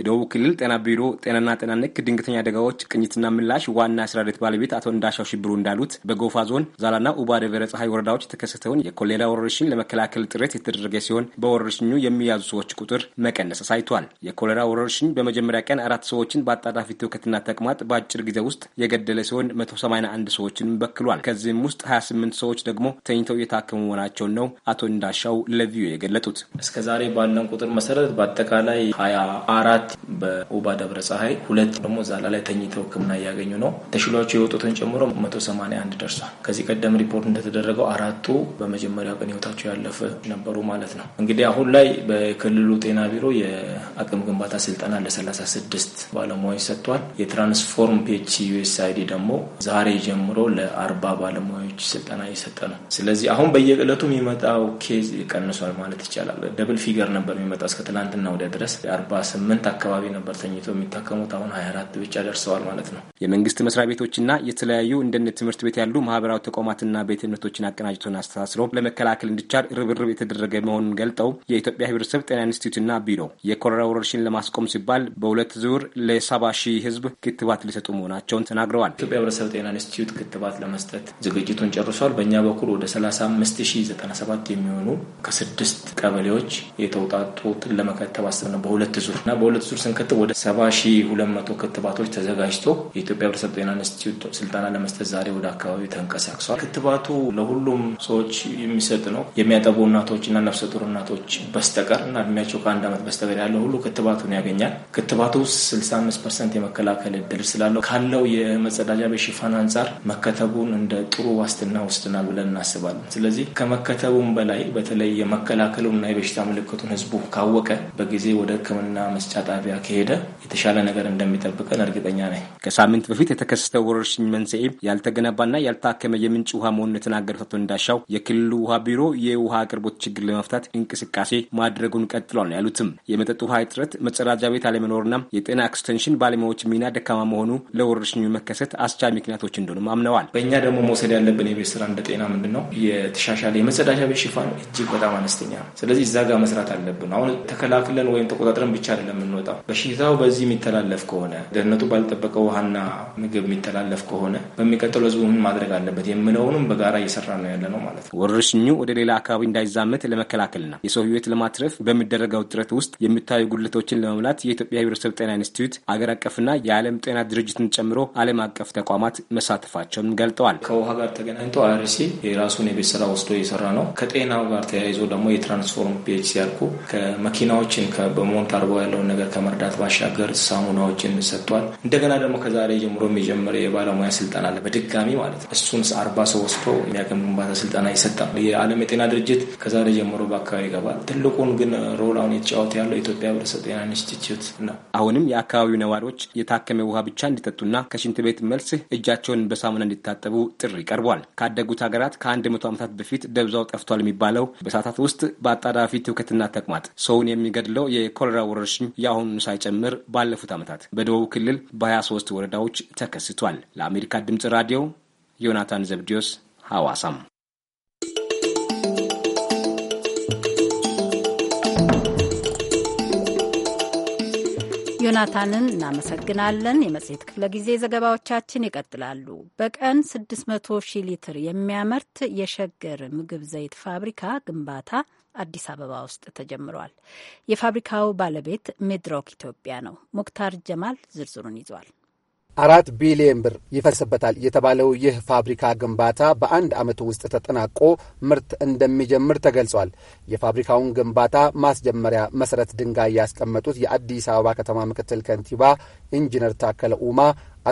የደቡብ ክልል ጤና ቢሮ ጤናና ጤና ነክ ድንገተኛ አደጋዎች ቅኝትና ምላሽ ዋና ስራ ባለቤት አቶ እንዳሻው ሽብሩ እንዳሉት በጎፋ ዞን ዛላና ኡባ ደበረ ፀሐይ ወረዳዎች የተከሰተውን የኮሌራ ወረርሽኝ ለመከላከል ጥረት የተደረገ ሲሆን በወረርሽኙ የሚያዙ ሰዎች ቁጥር መቀነስ አሳይቷል። የኮሌራ ወረርሽኝ በመጀመሪያ ቀን አራት ሰዎችን በአጣዳፊ ትውከትና ተቅማጥ በአጭር ጊዜ ውስጥ የገደለ ሲሆን 181 ሰዎችን በክሏል። ከዚህም ውስጥ 28 ሰዎች ደግሞ ተኝተው እየታከሙ መሆናቸውን ነው አቶ እንዳሻው ለቪዮ የገለጡት። እስከዛሬ ባለን ቁጥር መሰረት በአጠቃላይ 24 በኡባ ደብረ ፀሐይ ሁለት ደግሞ ዛላ ላይ ተኝተው ህክምና እያገኙ ነው። ተሽሏቸው የወጡትን ጨምሮ 181 ደርሷል። ከዚህ ቀደም ሪፖርት እንደተደረገው አራቱ በመጀመሪያው ቀን ህይወታቸው ያለፈ ነበሩ ማለት ነው። እንግዲህ አሁን ላይ በክልሉ ጤና ቢሮ የአቅም ግንባታ ስልጠና ለ36 ባለሙያዎች ሰጥቷል። የትራንስፎርም ፔች ዩኤስአይዲ ደግሞ ዛሬ ጀምሮ ለአርባ ባለሙያዎች ስልጠና እየሰጠ ነው። ስለዚህ አሁን በየዕለቱ የሚመጣው ኬዝ ቀንሷል ማለት ይቻላል። ደብል ፊገር ነበር የሚመጣው እስከ ትላንትና ወዲያ ድረስ 48 አካባቢ ነበር ተኝቶ የሚታከሙት። አሁን 24 ብቻ ደርሰዋል ማለት ነው። የመንግስት መስሪያ ቤቶችና የተለያዩ እንደነ ትምህርት ቤት ያሉ ማህበራዊ ተቋማትና ቤተ እምነቶችን አቀናጅቶን አስተሳስሮ ለመከላከል እንዲቻል ርብርብ የተደረገ መሆኑን ገልጠው የኢትዮጵያ ህብረተሰብ ጤና ኢንስቲትዩትና ቢሮ የኮሮና ወረርሽኝ ለማስቆም ሲባል በሁለት ዙር ለሰባ ሺህ ህዝብ ክትባት ሊሰጡ መሆናቸውን ተናግረዋል። ኢትዮጵያ ህብረተሰብ ጤና ኢንስቲትዩት ክትባት ለመስጠት ዝግጅቱን ጨርሷል። በእኛ በኩል ወደ 35097 የሚሆኑ ከስድስት ቀበሌዎች የተውጣጡትን ለመከተብ ነው በሁለት ዙር እና በሁለት ዙር ስንከትብ ወደ 7200 ክትባቶች ተዘጋጅቶ የኢትዮጵያ ሕብረተሰብ ጤና ኢንስቲትዩት ስልጠና ለመስጠት ዛሬ ወደ አካባቢ ተንቀሳቅሷል። ክትባቱ ለሁሉም ሰዎች የሚሰጥ ነው። የሚያጠቡ እናቶች እና ነፍሰ ጡር እናቶች በስተቀር እና እድሜያቸው ከአንድ ዓመት በስተቀር ያለ ሁሉ ክትባቱን ያገኛል። ክትባቱ 65 ፐርሰንት የመከላከል እድል ስላለው ካለው የመጸዳጃ ቤት ሽፋን አንጻር መከተቡን እንደ ጥሩ ዋስትና ወስድናል ብለን እናስባለን። ስለዚህ ከመከተቡም በላይ በተለይ የመከላከሉና የበሽታ ምልክቱን ህዝቡ ካወቀ በጊዜ ወደ ህክምና መስጫ ጣቢያ ከሄደ የተሻለ ነገር እንደሚጠብቀን እርግጠኛ ነኝ። ከሳምንት በፊት የተከሰተው ወረርሽኝ መንስኤ ያልተገነባና ያልታከመ የምንጭ ውሃ መሆኑን የተናገሩት አቶ እንዳሻው የክልሉ ውሃ ቢሮ የውሃ አቅርቦት ችግር ለመፍታት እንቅስቃሴ ማድረጉን ቀጥሏል ነው ያሉትም። የመጠጥ ውሃ እጥረት፣ መጸዳጃ ቤት አለመኖርና የጤና ኤክስቴንሽን ባለሙያዎች ሚና ደካማ መሆኑ ለወረርሽኙ መከሰት አስቻ ምክንያቶች እንደሆኑም አምነዋል። በእኛ ደግሞ መውሰድ ያለብን የቤት ስራ እንደ ጤና ምንድን ነው የተሻሻለ የመጸዳጃ ቤት ሽፋን እጅግ በጣም አነስተኛ ነው። ስለዚህ እዛ ጋር መስራት አለብን። አሁን ተከላክለን ወይም ተቆጣጥረን ብቻ አይደለም የሚወጣው። በሽታው በዚህ የሚተላለፍ ከሆነ ደህንነቱ ባልጠበቀ ውሃና ምግብ የሚተላለፍ ከሆነ በሚቀጥለው ህዝቡ ምን ማድረግ አለበት የምለውንም በጋራ እየሰራ ነው ያለ ነው ማለት ነው። ወረርሽኙ ወደ ሌላ አካባቢ እንዳይዛመት ለመከላከልና የሰው ህይወት ለማትረፍ በሚደረገው ጥረት ውስጥ የሚታዩ ጉድለቶችን ለመሙላት የኢትዮጵያ ህብረተሰብ ጤና ኢንስቲትዩት አገር አቀፍና የዓለም ጤና ድርጅትን ጨምሮ ዓለም አቀፍ ተቋማት መሳተፋቸውን ገልጠዋል። ከውሃ ጋር ተገናኝቶ አርሲ የራሱን የቤት ስራ ወስዶ እየሰራ ነው። ከጤናው ጋር ተያይዞ ደግሞ የትራንስፎርም ፒኤችሲአርኩ ከመኪናዎችን በሞንት አርበው ያለውን ነገር ከመርዳት ባሻገር ሳሙናዎችን ሰጥቷል። እንደገና ደግሞ ከዛሬ ጀምሮ የሚጀምረ የባለሙያ ስልጠና አለ በድጋሚ ማለት ነው። እሱን አርባ ሰው ወስዶ የአቅም ግንባታ ስልጠና ይሰጣል። የዓለም የጤና ድርጅት ከዛሬ ጀምሮ በአካባቢ ይገባል። ትልቁን ግን ሮል አሁን የተጫወተ ያለው የኢትዮጵያ ህብረተሰብ ጤና ኢንስቲትዩት ነው። አሁንም የአካባቢው ነዋሪዎች የታከመ ውሃ ብቻ እንዲጠጡና ከሽንት ቤት መልስ እጃቸውን በሳሙና እንዲታጠቡ ጥሪ ቀርቧል። ካደጉት ሀገራት ከአንድ መቶ ዓመታት በፊት ደብዛው ጠፍቷል የሚባለው በሰዓታት ውስጥ በአጣዳፊ ትውከትና ተቅማጥ ሰውን የሚገድለው የኮሌራ ወረርሽኝ የአሁኑ እስካሁን ሳይጨምር ባለፉት ዓመታት በደቡብ ክልል በ23 ወረዳዎች ተከስቷል። ለአሜሪካ ድምፅ ራዲዮ ዮናታን ዘብዲዮስ ሐዋሳም ዮናታንን እናመሰግናለን። የመጽሔት ክፍለ ጊዜ ዘገባዎቻችን ይቀጥላሉ። በቀን 600 ሺህ ሊትር የሚያመርት የሸገር ምግብ ዘይት ፋብሪካ ግንባታ አዲስ አበባ ውስጥ ተጀምሯል። የፋብሪካው ባለቤት ሚድሮክ ኢትዮጵያ ነው። ሙክታር ጀማል ዝርዝሩን ይዟል። አራት ቢሊየን ብር ይፈስበታል የተባለው ይህ ፋብሪካ ግንባታ በአንድ ዓመት ውስጥ ተጠናቆ ምርት እንደሚጀምር ተገልጿል። የፋብሪካውን ግንባታ ማስጀመሪያ መሰረት ድንጋይ ያስቀመጡት የአዲስ አበባ ከተማ ምክትል ከንቲባ ኢንጂነር ታከለ ኡማ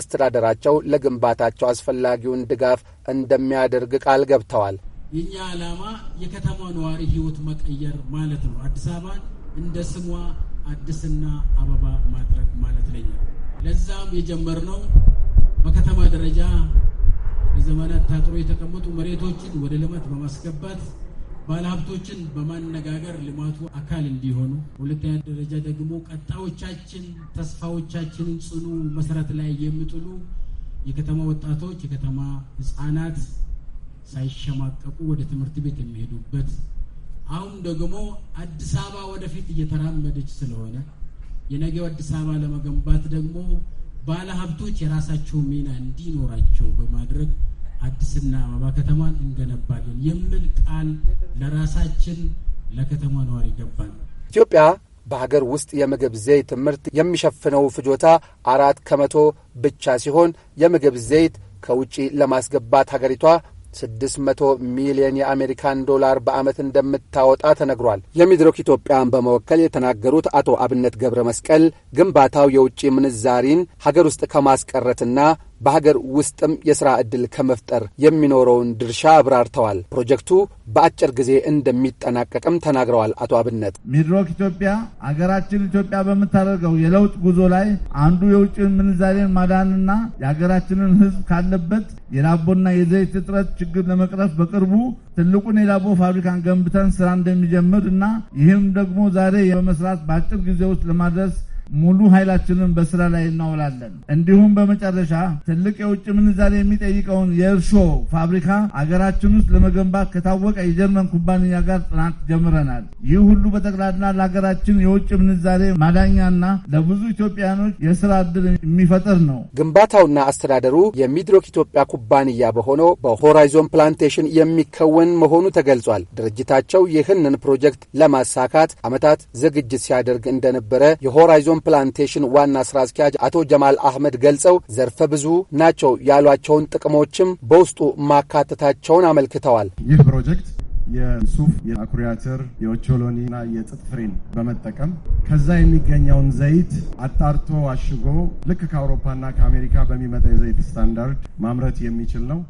አስተዳደራቸው ለግንባታቸው አስፈላጊውን ድጋፍ እንደሚያደርግ ቃል ገብተዋል። የእኛ ዓላማ የከተማ ነዋሪ ህይወት መቀየር ማለት ነው። አዲስ አበባን እንደ ስሟ አዲስና አበባ ማድረግ ማለት ለኛል ለዛም የጀመርነው በከተማ ደረጃ ለዘመናት ታጥሮ የተቀመጡ መሬቶችን ወደ ልማት በማስገባት ባለሀብቶችን በማነጋገር ልማቱ አካል እንዲሆኑ፣ ሁለተኛ ደረጃ ደግሞ ቀጣዮቻችን ተስፋዎቻችንን ጽኑ መሰረት ላይ የሚጥሉ የከተማ ወጣቶች፣ የከተማ ህጻናት ሳይሸማቀቁ ወደ ትምህርት ቤት የሚሄዱበት አሁን ደግሞ አዲስ አበባ ወደፊት እየተራመደች ስለሆነ የነገው አዲስ አበባ ለመገንባት ደግሞ ባለሀብቶች የራሳቸው ሚና እንዲኖራቸው በማድረግ አዲስና አበባ ከተማን እንገነባለን የሚል ቃል ለራሳችን ለከተማ ነዋሪ ገባል። ኢትዮጵያ በሀገር ውስጥ የምግብ ዘይት ምርት የሚሸፍነው ፍጆታ አራት ከመቶ ብቻ ሲሆን የምግብ ዘይት ከውጪ ለማስገባት ሀገሪቷ 600 ሚሊዮን የአሜሪካን ዶላር በዓመት እንደምታወጣ ተነግሯል። የሚድሮክ ኢትዮጵያን በመወከል የተናገሩት አቶ አብነት ገብረ መስቀል ግንባታው የውጭ ምንዛሪን ሀገር ውስጥ ከማስቀረትና በሀገር ውስጥም የሥራ ዕድል ከመፍጠር የሚኖረውን ድርሻ አብራርተዋል። ፕሮጀክቱ በአጭር ጊዜ እንደሚጠናቀቅም ተናግረዋል። አቶ አብነት ሚድሮክ ኢትዮጵያ አገራችን ኢትዮጵያ በምታደርገው የለውጥ ጉዞ ላይ አንዱ የውጭን ምንዛሬን ማዳንና የሀገራችንን ሕዝብ ካለበት የዳቦና የዘይት እጥረት ችግር ለመቅረፍ በቅርቡ ትልቁን የዳቦ ፋብሪካን ገንብተን ስራ እንደሚጀምር እና ይህም ደግሞ ዛሬ በመስራት በአጭር ጊዜ ውስጥ ለማድረስ ሙሉ ኃይላችንን በስራ ላይ እናውላለን። እንዲሁም በመጨረሻ ትልቅ የውጭ ምንዛሬ የሚጠይቀውን የእርሾ ፋብሪካ አገራችን ውስጥ ለመገንባት ከታወቀ የጀርመን ኩባንያ ጋር ጥናት ጀምረናል። ይህ ሁሉ በጠቅላላ ለሀገራችን የውጭ ምንዛሬ ማዳኛና ለብዙ ኢትዮጵያኖች የስራ እድል የሚፈጥር ነው። ግንባታውና አስተዳደሩ የሚድሮክ ኢትዮጵያ ኩባንያ በሆነው በሆራይዞን ፕላንቴሽን የሚከወን መሆኑ ተገልጿል። ድርጅታቸው ይህንን ፕሮጀክት ለማሳካት ዓመታት ዝግጅት ሲያደርግ እንደነበረ የሆራይዞን የኮም ፕላንቴሽን ዋና ስራ አስኪያጅ አቶ ጀማል አህመድ ገልጸው ዘርፈ ብዙ ናቸው ያሏቸውን ጥቅሞችም በውስጡ ማካተታቸውን አመልክተዋል። ይህ ፕሮጀክት የሱፍ የአኩሪ አተር እና የጥጥ ፍሬን በመጠቀም ከዛ የሚገኘውን ዘይት አጣርቶ አሽጎ ልክ ከአውሮፓና ከአሜሪካ በሚመጣ የዘይት ስታንዳርድ ማምረት የሚችል ነው።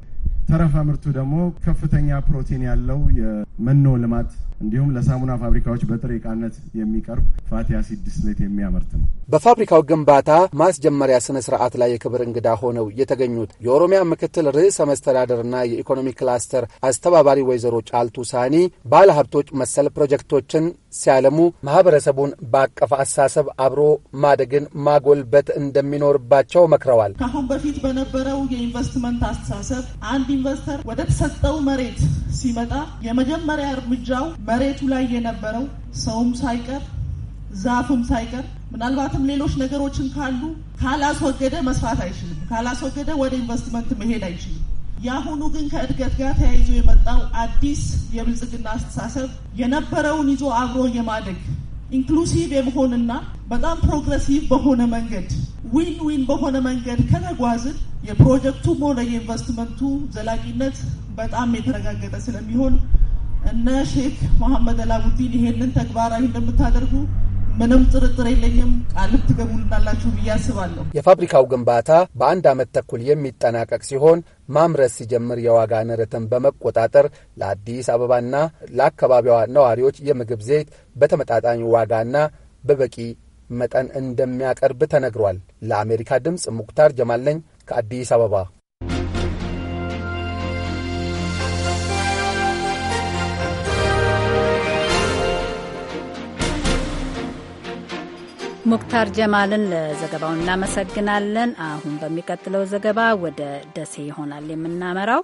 ተረፈ ምርቱ ደግሞ ከፍተኛ ፕሮቲን ያለው የመኖ ልማት እንዲሁም ለሳሙና ፋብሪካዎች በጥሬ ዕቃነት የሚቀርብ ፋቲ አሲድ ዲስሌት የሚያመርት ነው። በፋብሪካው ግንባታ ማስጀመሪያ ስነ ስርዓት ላይ የክብር እንግዳ ሆነው የተገኙት የኦሮሚያ ምክትል ርዕሰ መስተዳደርና የኢኮኖሚ ክላስተር አስተባባሪ ወይዘሮ ጫልቱ ሳኒ ባለሀብቶች መሰል ፕሮጀክቶችን ሲያለሙ ማህበረሰቡን በአቀፍ አሳሰብ አብሮ ማደግን ማጎልበት እንደሚኖርባቸው መክረዋል። ከአሁን በፊት በነበረው የኢንቨስትመንት አስተሳሰብ አንድ ኢንቨስተር ወደ ተሰጠው መሬት ሲመጣ የመጀመሪያ እርምጃው መሬቱ ላይ የነበረው ሰውም ሳይቀር ዛፍም ሳይቀር ምናልባትም ሌሎች ነገሮችን ካሉ ካላስወገደ መስራት አይችልም። ካላስወገደ ወደ ኢንቨስትመንት መሄድ አይችልም። የአሁኑ ግን ከእድገት ጋር ተያይዞ የመጣው አዲስ የብልጽግና አስተሳሰብ የነበረውን ይዞ አብሮ የማደግ ኢንክሉሲቭ የመሆንና በጣም ፕሮግረሲቭ በሆነ መንገድ ዊን ዊን በሆነ መንገድ ከተጓዝን የፕሮጀክቱም ሆነ የኢንቨስትመንቱ ዘላቂነት በጣም የተረጋገጠ ስለሚሆን እነ ሼክ መሐመድ አላሙዲን ይሄንን ተግባራዊ እንደምታደርጉ ምንም ጥርጥር የለኝም። ቃል ትገቡልናላችሁ ብዬ አስባለሁ። የፋብሪካው ግንባታ በአንድ ዓመት ተኩል የሚጠናቀቅ ሲሆን ማምረት ሲጀምር የዋጋ ንረትን በመቆጣጠር ለአዲስ አበባና ለአካባቢዋ ነዋሪዎች የምግብ ዘይት በተመጣጣኝ ዋጋና በበቂ መጠን እንደሚያቀርብ ተነግሯል። ለአሜሪካ ድምፅ ሙክታር ጀማል ነኝ ከአዲስ አበባ። ሙክታር ጀማልን ለዘገባው እናመሰግናለን። አሁን በሚቀጥለው ዘገባ ወደ ደሴ ይሆናል የምናመራው።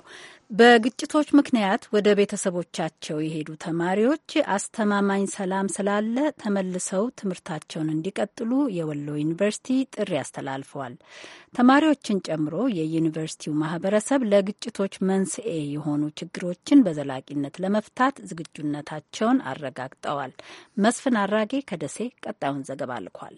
በግጭቶች ምክንያት ወደ ቤተሰቦቻቸው የሄዱ ተማሪዎች አስተማማኝ ሰላም ስላለ ተመልሰው ትምህርታቸውን እንዲቀጥሉ የወሎ ዩኒቨርሲቲ ጥሪ አስተላልፈዋል። ተማሪዎችን ጨምሮ የዩኒቨርሲቲው ማህበረሰብ ለግጭቶች መንስኤ የሆኑ ችግሮችን በዘላቂነት ለመፍታት ዝግጁነታቸውን አረጋግጠዋል። መስፍን አራጌ ከደሴ ቀጣዩን ዘገባ ልኳል።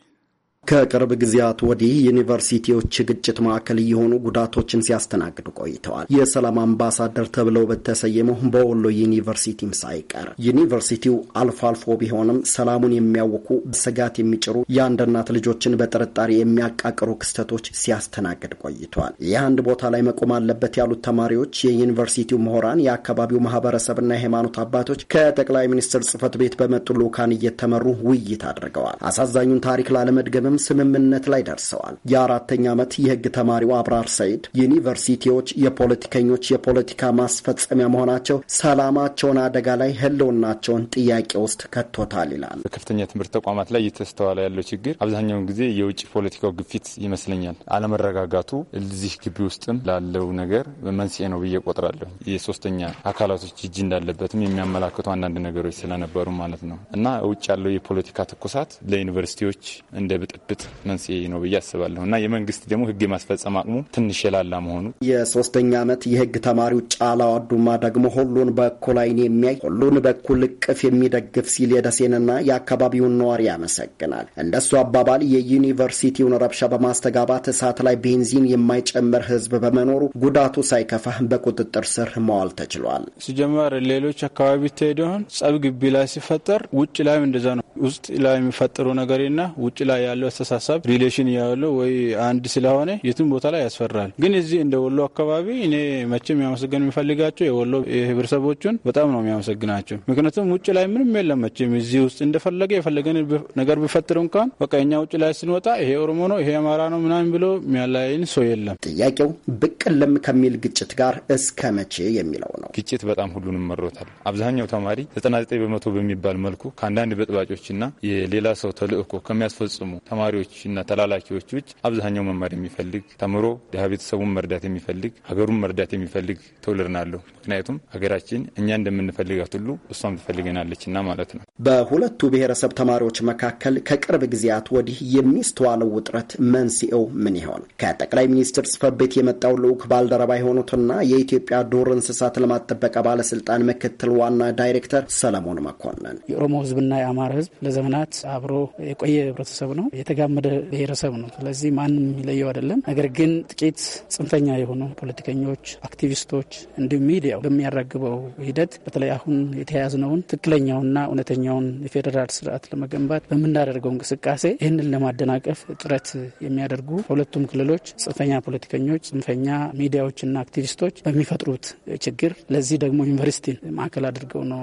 ከቅርብ ጊዜያት ወዲህ ዩኒቨርሲቲዎች ግጭት ማዕከል እየሆኑ ጉዳቶችን ሲያስተናግዱ ቆይተዋል። የሰላም አምባሳደር ተብለው በተሰየመው በወሎ ዩኒቨርሲቲም ሳይቀር ዩኒቨርሲቲው አልፎ አልፎ ቢሆንም ሰላሙን የሚያውኩ ስጋት የሚጭሩ የአንድ እናት ልጆችን በጥርጣሬ የሚያቃቅሩ ክስተቶች ሲያስተናግድ ቆይተዋል። ይህ አንድ ቦታ ላይ መቆም አለበት ያሉት ተማሪዎች፣ የዩኒቨርሲቲው ምሁራን፣ የአካባቢው ማህበረሰብና የሃይማኖት አባቶች ከጠቅላይ ሚኒስትር ጽህፈት ቤት በመጡ ልኡካን እየተመሩ ውይይት አድርገዋል። አሳዛኙን ታሪክ ላለመድገምም ላይም ስምምነት ላይ ደርሰዋል። የአራተኛ ዓመት የህግ ተማሪው አብራር ሰይድ ዩኒቨርሲቲዎች የፖለቲከኞች የፖለቲካ ማስፈጸሚያ መሆናቸው ሰላማቸውን አደጋ ላይ ህልውናቸውን ጥያቄ ውስጥ ከቶታል ይላል። በከፍተኛ ትምህርት ተቋማት ላይ እየተስተዋለ ያለው ችግር አብዛኛውን ጊዜ የውጭ ፖለቲካው ግፊት ይመስለኛል። አለመረጋጋቱ እዚህ ግቢ ውስጥም ላለው ነገር መንስኤ ነው ብዬ ቆጥራለሁ። የሶስተኛ አካላቶች እጅ እንዳለበትም የሚያመላክቱ አንዳንድ ነገሮች ስለነበሩ ማለት ነው እና ውጭ ያለው የፖለቲካ ትኩሳት ለዩኒቨርሲቲዎች እንደ ብጠ ብጥብጥ መንስኤ ነው ብዬ አስባለሁ እና የመንግስት ደግሞ ህግ የማስፈጸም አቅሙ ትንሽ የላላ መሆኑ የሶስተኛ ዓመት የህግ ተማሪው ጫላ አዱማ ደግሞ ሁሉን በእኩል አይን የሚያይ ሁሉን በእኩል እቅፍ የሚደግፍ ሲል የደሴንና የአካባቢውን ነዋሪ ያመሰግናል። እንደሱ አባባል የዩኒቨርሲቲውን ረብሻ በማስተጋባት እሳት ላይ ቤንዚን የማይጨምር ህዝብ በመኖሩ ጉዳቱ ሳይከፋ በቁጥጥር ስር መዋል ተችሏል። ሲጀመር ሌሎች አካባቢ ተሄደ ሆን ጸብ ግቢ ላይ ሲፈጠር ውጭ ላይም እንደዛ ነው። ውስጥ ላይ የሚፈጥሩ ነገርና ውጭ ላይ ያለው ያለው አስተሳሰብ ሪሌሽን ያለው ወይ አንድ ስለሆነ የትም ቦታ ላይ ያስፈራል። ግን እዚህ እንደ ወሎ አካባቢ እኔ መቼም የሚያመሰግን የሚፈልጋቸው የወሎ ህብረተሰቦቹን በጣም ነው የሚያመሰግናቸው። ምክንያቱም ውጭ ላይ ምንም የለም መቼም እዚህ ውስጥ እንደፈለገ የፈለገን ነገር ቢፈጥር እንኳን በቃ እኛ ውጭ ላይ ስንወጣ ይሄ ኦሮሞ ነው ይሄ አማራ ነው ምናምን ብሎ የሚያለያይን ሰው የለም። ጥያቄው ብቅልም ከሚል ግጭት ጋር እስከ መቼ የሚለው ነው። ግጭት በጣም ሁሉንም መሮታል። አብዛኛው ተማሪ 99 በመቶ በሚባል መልኩ ከአንዳንድ በጥባጮችና የሌላ ሰው ተልእኮ ከሚያስፈጽሙ ከተማሪዎችና ተላላኪዎች ውጭ አብዛኛው መማር የሚፈልግ ተምሮ ድሀ ቤተሰቡን መርዳት የሚፈልግ ሀገሩን መርዳት የሚፈልግ ትውልድ ናለሁ። ምክንያቱም ሀገራችን እኛ እንደምንፈልጋት ሁሉ እሷም ትፈልገናለችና ማለት ነው። በሁለቱ ብሔረሰብ ተማሪዎች መካከል ከቅርብ ጊዜያት ወዲህ የሚስተዋለው ውጥረት መንስኤው ምን ይሆን? ከጠቅላይ ሚኒስትር ጽህፈት ቤት የመጣው ልዑክ ባልደረባ የሆኑትና የኢትዮጵያ ዱር እንስሳት ልማት ጥበቃ ባለስልጣን ምክትል ዋና ዳይሬክተር ሰለሞን መኮንን የኦሮሞ ህዝብና የአማራ ህዝብ ለዘመናት አብሮ የቆየ ህብረተሰብ ነው። የተጋመደ ብሔረሰብ ነው። ስለዚህ ማንም የሚለየው አይደለም። ነገር ግን ጥቂት ጽንፈኛ የሆኑ ፖለቲከኞች፣ አክቲቪስቶች እንዲሁም ሚዲያው በሚያራግበው ሂደት በተለይ አሁን የተያያዝነውን ትክክለኛውና እውነተኛውን የፌዴራል ስርዓት ለመገንባት በምናደርገው እንቅስቃሴ ይህንን ለማደናቀፍ ጥረት የሚያደርጉ ሁለቱም ክልሎች ጽንፈኛ ፖለቲከኞች፣ ጽንፈኛ ሚዲያዎችና አክቲቪስቶች በሚፈጥሩት ችግር ለዚህ ደግሞ ዩኒቨርሲቲን ማዕከል አድርገው ነው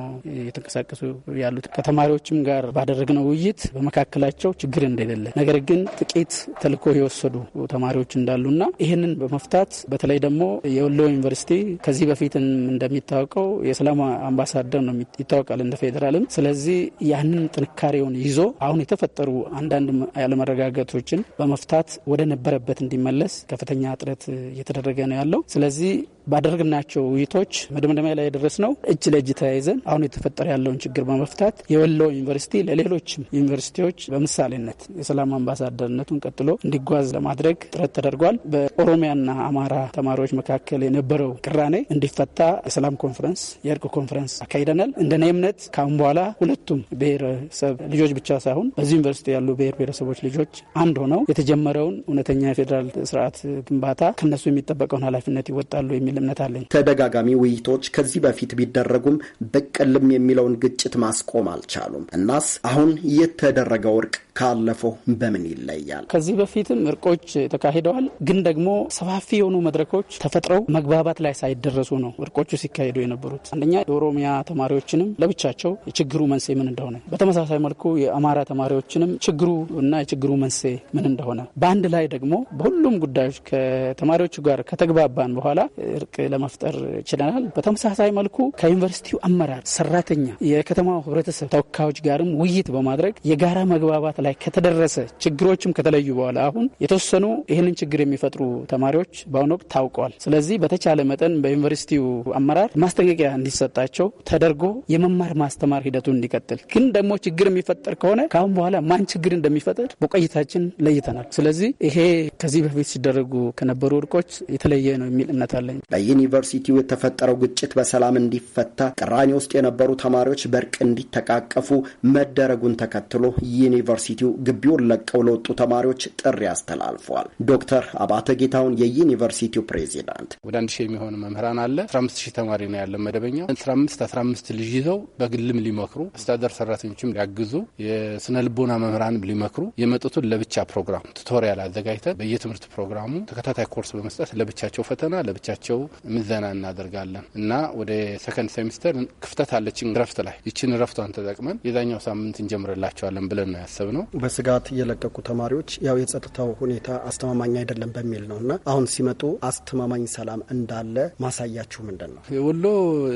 የተንቀሳቀሱ ያሉት። ከተማሪዎችም ጋር ባደረግነው ውይይት በመካከላቸው ችግር እንደሌለ ነገር ግን ጥቂት ተልኮ የወሰዱ ተማሪዎች እንዳሉና ይህንን በመፍታት በተለይ ደግሞ የወሎ ዩኒቨርሲቲ ከዚህ በፊት እንደሚታወቀው የሰላም አምባሳደር ነው ይታወቃል፣ እንደ ፌዴራልም። ስለዚህ ያንን ጥንካሬውን ይዞ አሁን የተፈጠሩ አንዳንድ ያለመረጋጋቶችን በመፍታት ወደ ነበረበት እንዲመለስ ከፍተኛ ጥረት እየተደረገ ነው ያለው። ስለዚህ ባደረግናቸው ውይይቶች መደምደሚያ ላይ ነው እጅ ለእጅ ተያይዘን አሁን የተፈጠረ ያለውን ችግር በመፍታት የወሎ ዩኒቨርሲቲ ለሌሎችም ዩኒቨርሲቲዎች በምሳሌነት የሰላም አምባሳደርነቱን ቀጥሎ እንዲጓዝ ለማድረግ ጥረት ተደርጓል። በኦሮሚያና አማራ ተማሪዎች መካከል የነበረው ቅራኔ እንዲፈታ የሰላም ኮንፈረንስ፣ የእርቅ ኮንፈረንስ አካሂደናል። እንደኔ እምነት ካሁን በኋላ ሁለቱም ብሔረሰብ ልጆች ብቻ ሳይሆን በዚህ ዩኒቨርሲቲ ያሉ ብሔር ብሔረሰቦች ልጆች አንድ ሆነው የተጀመረውን እውነተኛ የፌዴራል ስርዓት ግንባታ ከነሱ የሚጠበቀውን ኃላፊነት ይወጣሉ የሚል የሚል እምነት አለኝ። ተደጋጋሚ ውይይቶች ከዚህ በፊት ቢደረጉም ብቅ የሚለውን ግጭት ማስቆም አልቻሉም። እናስ አሁን የተደረገው እርቅ ካለፈው በምን ይለያል? ከዚህ በፊትም እርቆች ተካሂደዋል። ግን ደግሞ ሰፋፊ የሆኑ መድረኮች ተፈጥረው መግባባት ላይ ሳይደረሱ ነው እርቆቹ ሲካሄዱ የነበሩት። አንደኛ የኦሮሚያ ተማሪዎችንም ለብቻቸው የችግሩ መንስኤ ምን እንደሆነ፣ በተመሳሳይ መልኩ የአማራ ተማሪዎችንም ችግሩ እና የችግሩ መንስኤ ምን እንደሆነ በአንድ ላይ ደግሞ በሁሉም ጉዳዮች ከተማሪዎቹ ጋር ከተግባባን በኋላ እርቅ ለመፍጠር ችለናል። በተመሳሳይ መልኩ ከዩኒቨርሲቲው አመራር፣ ሰራተኛ፣ የከተማው ህብረተሰብ ተወካዮች ጋርም ውይይት በማድረግ የጋራ መግባባት ላይ ከተደረሰ ችግሮችም ከተለዩ በኋላ አሁን የተወሰኑ ይህንን ችግር የሚፈጥሩ ተማሪዎች በአሁኑ ወቅት ታውቀዋል። ስለዚህ በተቻለ መጠን በዩኒቨርሲቲው አመራር ማስጠንቀቂያ እንዲሰጣቸው ተደርጎ የመማር ማስተማር ሂደቱ እንዲቀጥል፣ ግን ደግሞ ችግር የሚፈጠር ከሆነ ከአሁን በኋላ ማን ችግር እንደሚፈጥር በቆይታችን ለይተናል። ስለዚህ ይሄ ከዚህ በፊት ሲደረጉ ከነበሩ እርቆች የተለየ ነው የሚል እምነት አለኝ። በዩኒቨርሲቲው የተፈጠረው ግጭት በሰላም እንዲፈታ ቅራኔ ውስጥ የነበሩ ተማሪዎች በእርቅ እንዲተቃቀፉ መደረጉን ተከትሎ ዩኒቨርሲቲ ዩኒቨርሲቲው ግቢውን ለቀው ለወጡ ተማሪዎች ጥሪ አስተላልፏል። ዶክተር አባተ ጌታውን የዩኒቨርሲቲው ፕሬዚዳንት ወደ አንድ ሺህ የሚሆን መምህራን አለ። አስራ አምስት ሺህ ተማሪ ነው ያለ መደበኛ አስራ አምስት አስራ አምስት ልጅ ይዘው በግልም ሊመክሩ አስተዳደር ሰራተኞችም ሊያግዙ የስነ ልቦና መምህራን ሊመክሩ የመጡትን ለብቻ ፕሮግራም ቱቶሪያል አዘጋጅተን በየትምህርት ፕሮግራሙ ተከታታይ ኮርስ በመስጠት ለብቻቸው ፈተና ለብቻቸው ምዘና እናደርጋለን እና ወደ ሰከንድ ሴሚስተር ክፍተት አለችን ረፍት ላይ ይችን ረፍቷን ተጠቅመን የዛኛው ሳምንት እንጀምርላቸዋለን ብለን ነው ያሰብነው። ነው። በስጋት የለቀቁ ተማሪዎች ያው የጸጥታው ሁኔታ አስተማማኝ አይደለም በሚል ነው እና አሁን ሲመጡ አስተማማኝ ሰላም እንዳለ ማሳያችሁ ምንድን ነው? ወሎ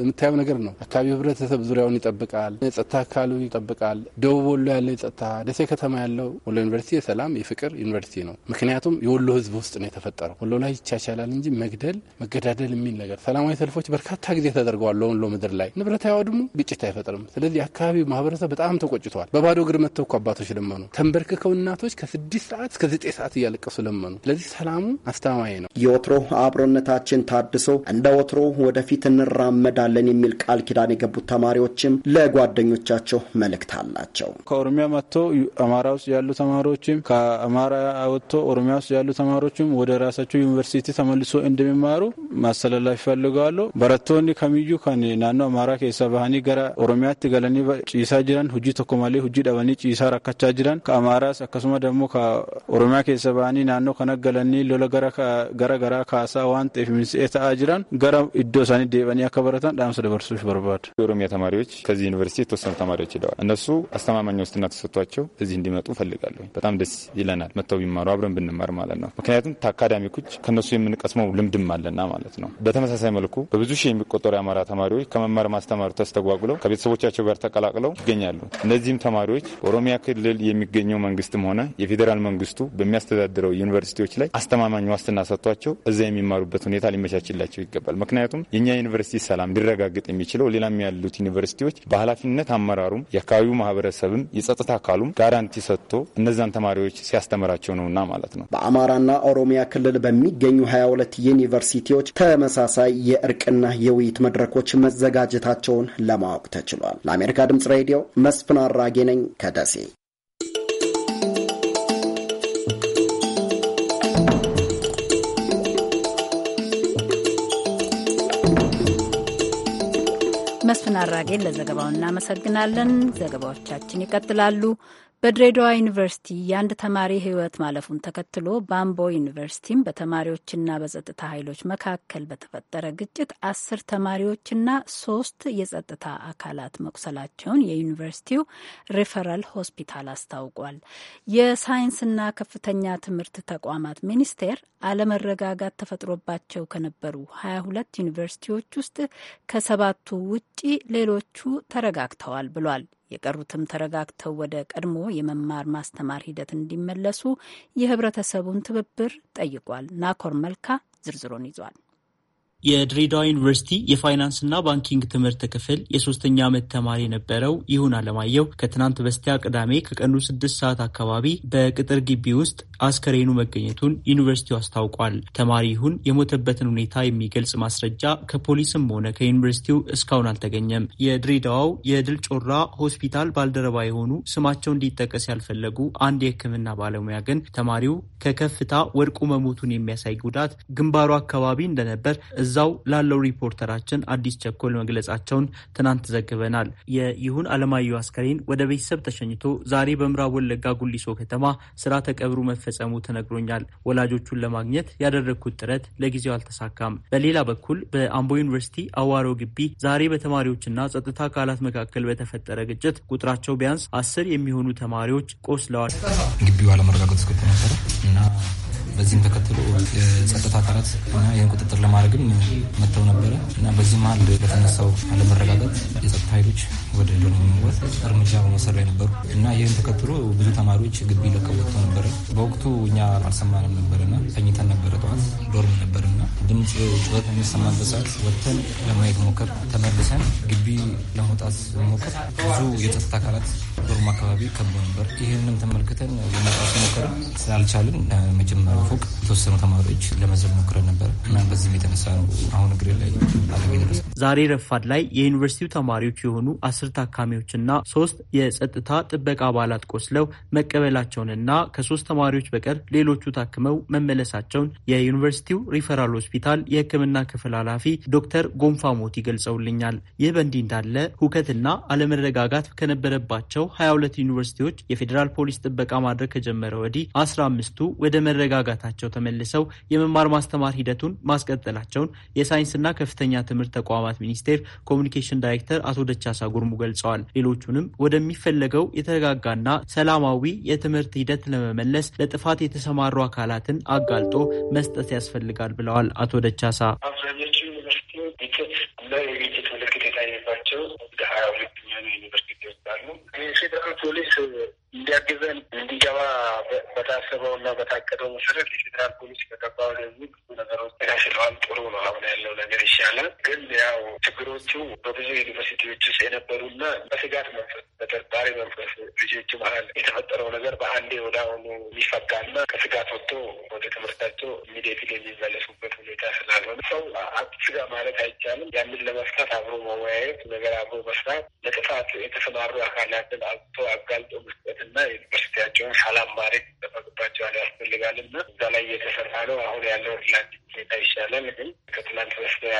የምታየው ነገር ነው። አካባቢ ህብረተሰብ ዙሪያውን ይጠብቃል፣ የጸጥታ አካሉ ይጠብቃል። ደቡብ ወሎ ያለው የጸጥታ ደሴ ከተማ ያለው ወሎ ዩኒቨርሲቲ የሰላም የፍቅር ዩኒቨርሲቲ ነው። ምክንያቱም የወሎ ህዝብ ውስጥ ነው የተፈጠረው። ወሎ ላይ ይቻቻላል እንጂ መግደል መገዳደል የሚል ነገር ሰላማዊ ሰልፎች በርካታ ጊዜ ተደርገዋል። ወሎ ምድር ላይ ንብረት አያወድሙ፣ ግጭት አይፈጥርም። ስለዚህ አካባቢው ማህበረሰብ በጣም ተቆጭተዋል። በባዶ እግር መጥተው እኮ አባቶች ደሞ ለመኑ። ተንበርክከው እናቶች ከስድስት ሰዓት እስከ ዘጠኝ ሰዓት እያለቀሱ ለመኑ። ስለዚህ ሰላሙ አስተማማኝ ነው። የወትሮ አብሮነታችን ታድሶ እንደ ወትሮ ወደፊት እንራመዳለን የሚል ቃል ኪዳን የገቡት ተማሪዎችም ለጓደኞቻቸው መልእክት አላቸው። ከኦሮሚያ መጥቶ አማራ ውስጥ ያሉ ተማሪዎችም ከአማራ ወጥቶ ኦሮሚያ ውስጥ ያሉ ተማሪዎችም ወደ ራሳቸው ዩኒቨርሲቲ ተመልሶ እንደሚማሩ ማስተላለፍ ይፈልገዋሉ። በረቶኒ ከሚዩ ከን ናኖ አማራ ኬሳ ባህኒ ገራ ኦሮሚያት ገለኒ ጭሳ ጅራን ሁጂ ተኮማሌ ሁጂ ዳባኒ ጭሳ ራካቻ ጅራ jiran amaaraas akkasuma dammoo oromiyaa keessa ba'anii naannoo kana galanii lola gara garaa kaasaa waan ta'eef misee ta'aa jiran gara iddoo isaanii deebanii akka baratan dhaamsa dabarsuuf barbaadu። የኦሮሚያ ተማሪዎች ከዚህ ዩኒቨርሲቲ የተወሰኑ ተማሪዎች ሄደዋል። እነሱ አስተማማኝ ውስጥና ተሰጥቷቸው እዚህ እንዲመጡ ፈልጋለሁ። በጣም ደስ ይለናል። መጥተው ቢማሩ አብረን ብንማር ማለት ነው። ምክንያቱም ከአካዳሚኮች ከእነሱ የምንቀስመው ልምድም አለና ማለት ነው። በተመሳሳይ መልኩ በብዙ ሺህ የሚቆጠሩ የአማራ ተማሪዎች ከመማር ማስተማሩ ተስተጓጉለው ከቤተሰቦቻቸው ጋር ተቀላቅለው ይገኛሉ። እነዚህም ተማሪዎች ኦሮሚያ ክልል የሚገኘው መንግስትም ሆነ የፌዴራል መንግስቱ በሚያስተዳድረው ዩኒቨርሲቲዎች ላይ አስተማማኝ ዋስትና ሰጥቷቸው እዛ የሚማሩበት ሁኔታ ሊመቻችላቸው ይገባል። ምክንያቱም የእኛ ዩኒቨርሲቲ ሰላም ሊረጋግጥ የሚችለው ሌላም ያሉት ዩኒቨርሲቲዎች በኃላፊነት አመራሩም የአካባቢው ማህበረሰብም የጸጥታ አካሉም ጋራንቲ ሰጥቶ እነዛን ተማሪዎች ሲያስተምራቸው ነውና ማለት ነው። በአማራና ኦሮሚያ ክልል በሚገኙ 22 ዩኒቨርሲቲዎች ተመሳሳይ የእርቅና የውይይት መድረኮች መዘጋጀታቸውን ለማወቅ ተችሏል። ለአሜሪካ ድምጽ ሬዲዮ መስፍን አራጌ ነኝ ከደሴ። መስፍን አራጌን ለዘገባው እናመሰግናለን። ዘገባዎቻችን ይቀጥላሉ። በድሬዳዋ ዩኒቨርሲቲ የአንድ ተማሪ ሕይወት ማለፉን ተከትሎ ባምቦ ዩኒቨርሲቲም በተማሪዎችና በጸጥታ ኃይሎች መካከል በተፈጠረ ግጭት አስር ተማሪዎችና ሶስት የጸጥታ አካላት መቁሰላቸውን የዩኒቨርሲቲው ሪፈራል ሆስፒታል አስታውቋል። የሳይንስና ከፍተኛ ትምህርት ተቋማት ሚኒስቴር አለመረጋጋት ተፈጥሮባቸው ከነበሩ ሀያ ሁለት ዩኒቨርሲቲዎች ውስጥ ከሰባቱ ውጪ ሌሎቹ ተረጋግተዋል ብሏል። የቀሩትም ተረጋግተው ወደ ቀድሞ የመማር ማስተማር ሂደት እንዲመለሱ የህብረተሰቡን ትብብር ጠይቋል። ናኮር መልካ ዝርዝሩን ይዟል። የድሬዳዋ ዩኒቨርሲቲ የፋይናንስና ባንኪንግ ትምህርት ክፍል የሶስተኛ ዓመት ተማሪ የነበረው ይሁን አለማየሁ ከትናንት በስቲያ ቅዳሜ ከቀኑ ስድስት ሰዓት አካባቢ በቅጥር ግቢ ውስጥ አስከሬኑ መገኘቱን ዩኒቨርሲቲው አስታውቋል። ተማሪ ይሁን የሞተበትን ሁኔታ የሚገልጽ ማስረጃ ከፖሊስም ሆነ ከዩኒቨርሲቲው እስካሁን አልተገኘም። የድሬዳዋው የድል ጮራ ሆስፒታል ባልደረባ የሆኑ ስማቸው እንዲጠቀስ ያልፈለጉ አንድ የሕክምና ባለሙያ ግን ተማሪው ከከፍታ ወድቆ መሞቱን የሚያሳይ ጉዳት ግንባሩ አካባቢ እንደነበር እዛው ላለው ሪፖርተራችን አዲስ ቸኮል መግለጻቸውን ትናንት ዘግበናል። የይሁን አለማየሁ አስከሬን ወደ ቤተሰብ ተሸኝቶ ዛሬ በምዕራብ ወለጋ ጉሊሶ ከተማ ስራ ተቀብሩ መፈጸሙ ተነግሮኛል። ወላጆቹን ለማግኘት ያደረግኩት ጥረት ለጊዜው አልተሳካም። በሌላ በኩል በአምቦ ዩኒቨርሲቲ አዋሮ ግቢ ዛሬ በተማሪዎችና ጸጥታ አካላት መካከል በተፈጠረ ግጭት ቁጥራቸው ቢያንስ አስር የሚሆኑ ተማሪዎች ቆስለዋል። ግቢው አለመረጋገጥ በዚህም ተከትሎ የጸጥታ አካላት እና ይህን ቁጥጥር ለማድረግም መጥተው ነበረ እና በዚህ መሀል በተነሳው አለመረጋጋት የጸጥታ ኃይሎች ወደ ሎኒ መግባት እርምጃ በመውሰድ ላይ ነበሩ እና ይህን ተከትሎ ብዙ ተማሪዎች ግቢ ለቀው ወጥተው ነበረ። በወቅቱ እኛ አልሰማንም ነበርና ተኝተን ነበረ። ጠዋት ዶርም ነበርና ድምፅ ጩኸት የሚሰማበት ሰዓት ወጥተን ለማየት ሞከር፣ ተመልሰን ግቢ ለመውጣት ሞከር። ብዙ የጸጥታ አካላት ዶርም አካባቢ ከቦ ነበር። ይህንም ተመልክተን ለመውጣት ሞከርን፣ ስላልቻልን መጀመሪያ ፎቅ የተወሰኑ ተማሪዎች ለመዘብ ሞክረን ነበር እና በዚህም የተነሳ ነው አሁን እግሬ ላይ ዛሬ ረፋድ ላይ የዩኒቨርሲቲው ተማሪዎች የሆኑ አስር ታካሚዎችና ሶስት የጸጥታ ጥበቃ አባላት ቆስለው መቀበላቸውንና ከሶስት ተማሪዎች በቀር ሌሎቹ ታክመው መመለሳቸውን የዩኒቨርሲቲው ሪፈራል ሆስፒታል የሕክምና ክፍል ኃላፊ ዶክተር ጎንፋ ሞቲ ገልጸውልኛል። ይህ በእንዲህ እንዳለ ሁከትና አለመረጋጋት ከነበረባቸው 22 ዩኒቨርሲቲዎች የፌዴራል ፖሊስ ጥበቃ ማድረግ ከጀመረ ወዲህ 15ቱ ወደ መረጋጋት ግዛታቸው ተመልሰው የመማር ማስተማር ሂደቱን ማስቀጠላቸውን የሳይንስና ከፍተኛ ትምህርት ተቋማት ሚኒስቴር ኮሚኒኬሽን ዳይሬክተር አቶ ደቻሳ ጉርሙ ገልጸዋል። ሌሎቹንም ወደሚፈለገው የተረጋጋና ሰላማዊ የትምህርት ሂደት ለመመለስ ለጥፋት የተሰማሩ አካላትን አጋልጦ መስጠት ያስፈልጋል ብለዋል አቶ ደቻሳ። ሁለት ዩኒቨርሲቲ ዩኒቨርሲቲ ይወጣሉ የፌዴራል ፖሊስ እንዲያግዘን እንዲገባ በታሰበው እና በታቀደው መሰረት የፌዴራል ፖሊስ ከገባ ወደዚህ ብዙ ነገሮች ያሽለዋል። ጥሩ ነው። አሁን ያለው ነገር ይሻላል። ግን ያው ችግሮቹ በብዙ ዩኒቨርሲቲዎች ውስጥ የነበሩና በስጋት መንፈስ፣ በጠርጣሪ መንፈስ ልጆች መሀል የተፈጠረው ነገር በአንዴ ወደ አሁኑ የሚፈታና ከስጋት ወጥቶ ወደ ትምህርታቸው ኢሚዲየትሊ የሚመለሱበት ሁኔታ ስላልሆነ ሰው ስጋ ማለት አይቻልም። ያንን ለመፍታት አብሮ መወያየት ነገር አብሮ መስራት ለጥፋት የተሰማሩ አካላትን አብቶ አጋልጦ መስጠት ማለት እና ዩኒቨርሲቲያቸውን ሳላማሬት ይጠበቅባቸዋል ያስፈልጋል እና እዛ ላይ እየተሰራ ነው። አሁን ያለው ላንድ ሁኔታ ይሻላል፣ ግን ከትናንት በስቲያ